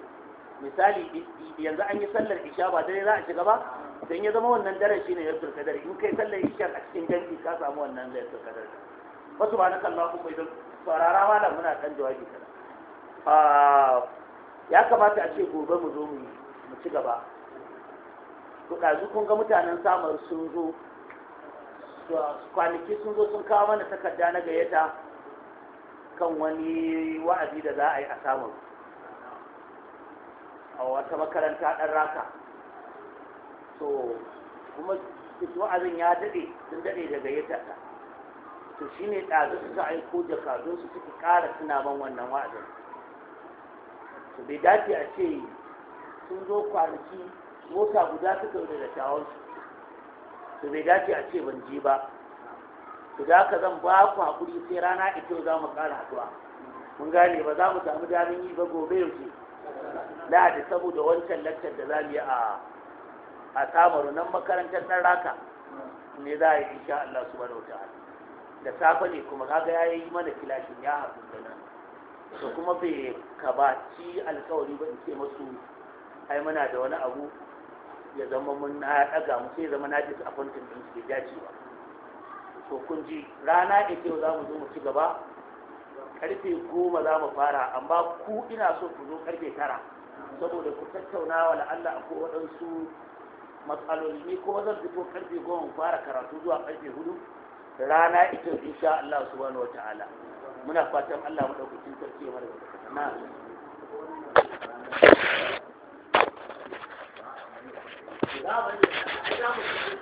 misali yanzu an yi sallar isha ba dare za a shiga ba don ya zama wannan daren ya layar kadar in kai sallar isha a cikin jami'i ka samu wannan layar kadar wasu ba na kallon kuma idan saurara ma muna kan jawabi kada ah, ya kamata a ce gobe mu zo mu ci gaba ɗazu kun ga mutanen samar sun zo kwanaki sun zo sun kawo mana takarda na gayyata kan wani wa'azi da za a yi a samun a wata makaranta ɗan raka so kuma wa'azin ya daɗe sun daɗe da gayyata ta shi shine ɗazu suka aiko su suka ƙara suna ban wannan wa'azin to bai dace a ce sun zo kwanaki mota guda suka yi da shawarsu to bai dace a ce ban je ba to da ka zan ba ku haƙuri sai rana ita za mu ƙara haɗuwa mun gane ba za mu samu damin yi ba gobe yaushe lahadi saboda wancan laccar da za mu yi a a samaru nan makarantar ɗan raka ne za a yi insha Allah subhanahu wa ta'ala da safe ne kuma kaga yayi mana kilashin ya haɗu da su kuma bai kabaci alkawari ba in ce masu ai muna da wani abu ya zama mun na daga mu sai zama na ji a fontin din ke dace ba to kun ji rana da ke za mu zo mu ci gaba karfe goma za mu fara amma ku ina so ku zo karfe tara saboda ku tattauna wa la'alla ko waɗansu matsaloli ne ko zan fito karfe goma fara karatu zuwa karfe hudu rana ita insha Allah subhanahu wa ta'ala muna fatan Allah madaukakin sarki ya mana na za mu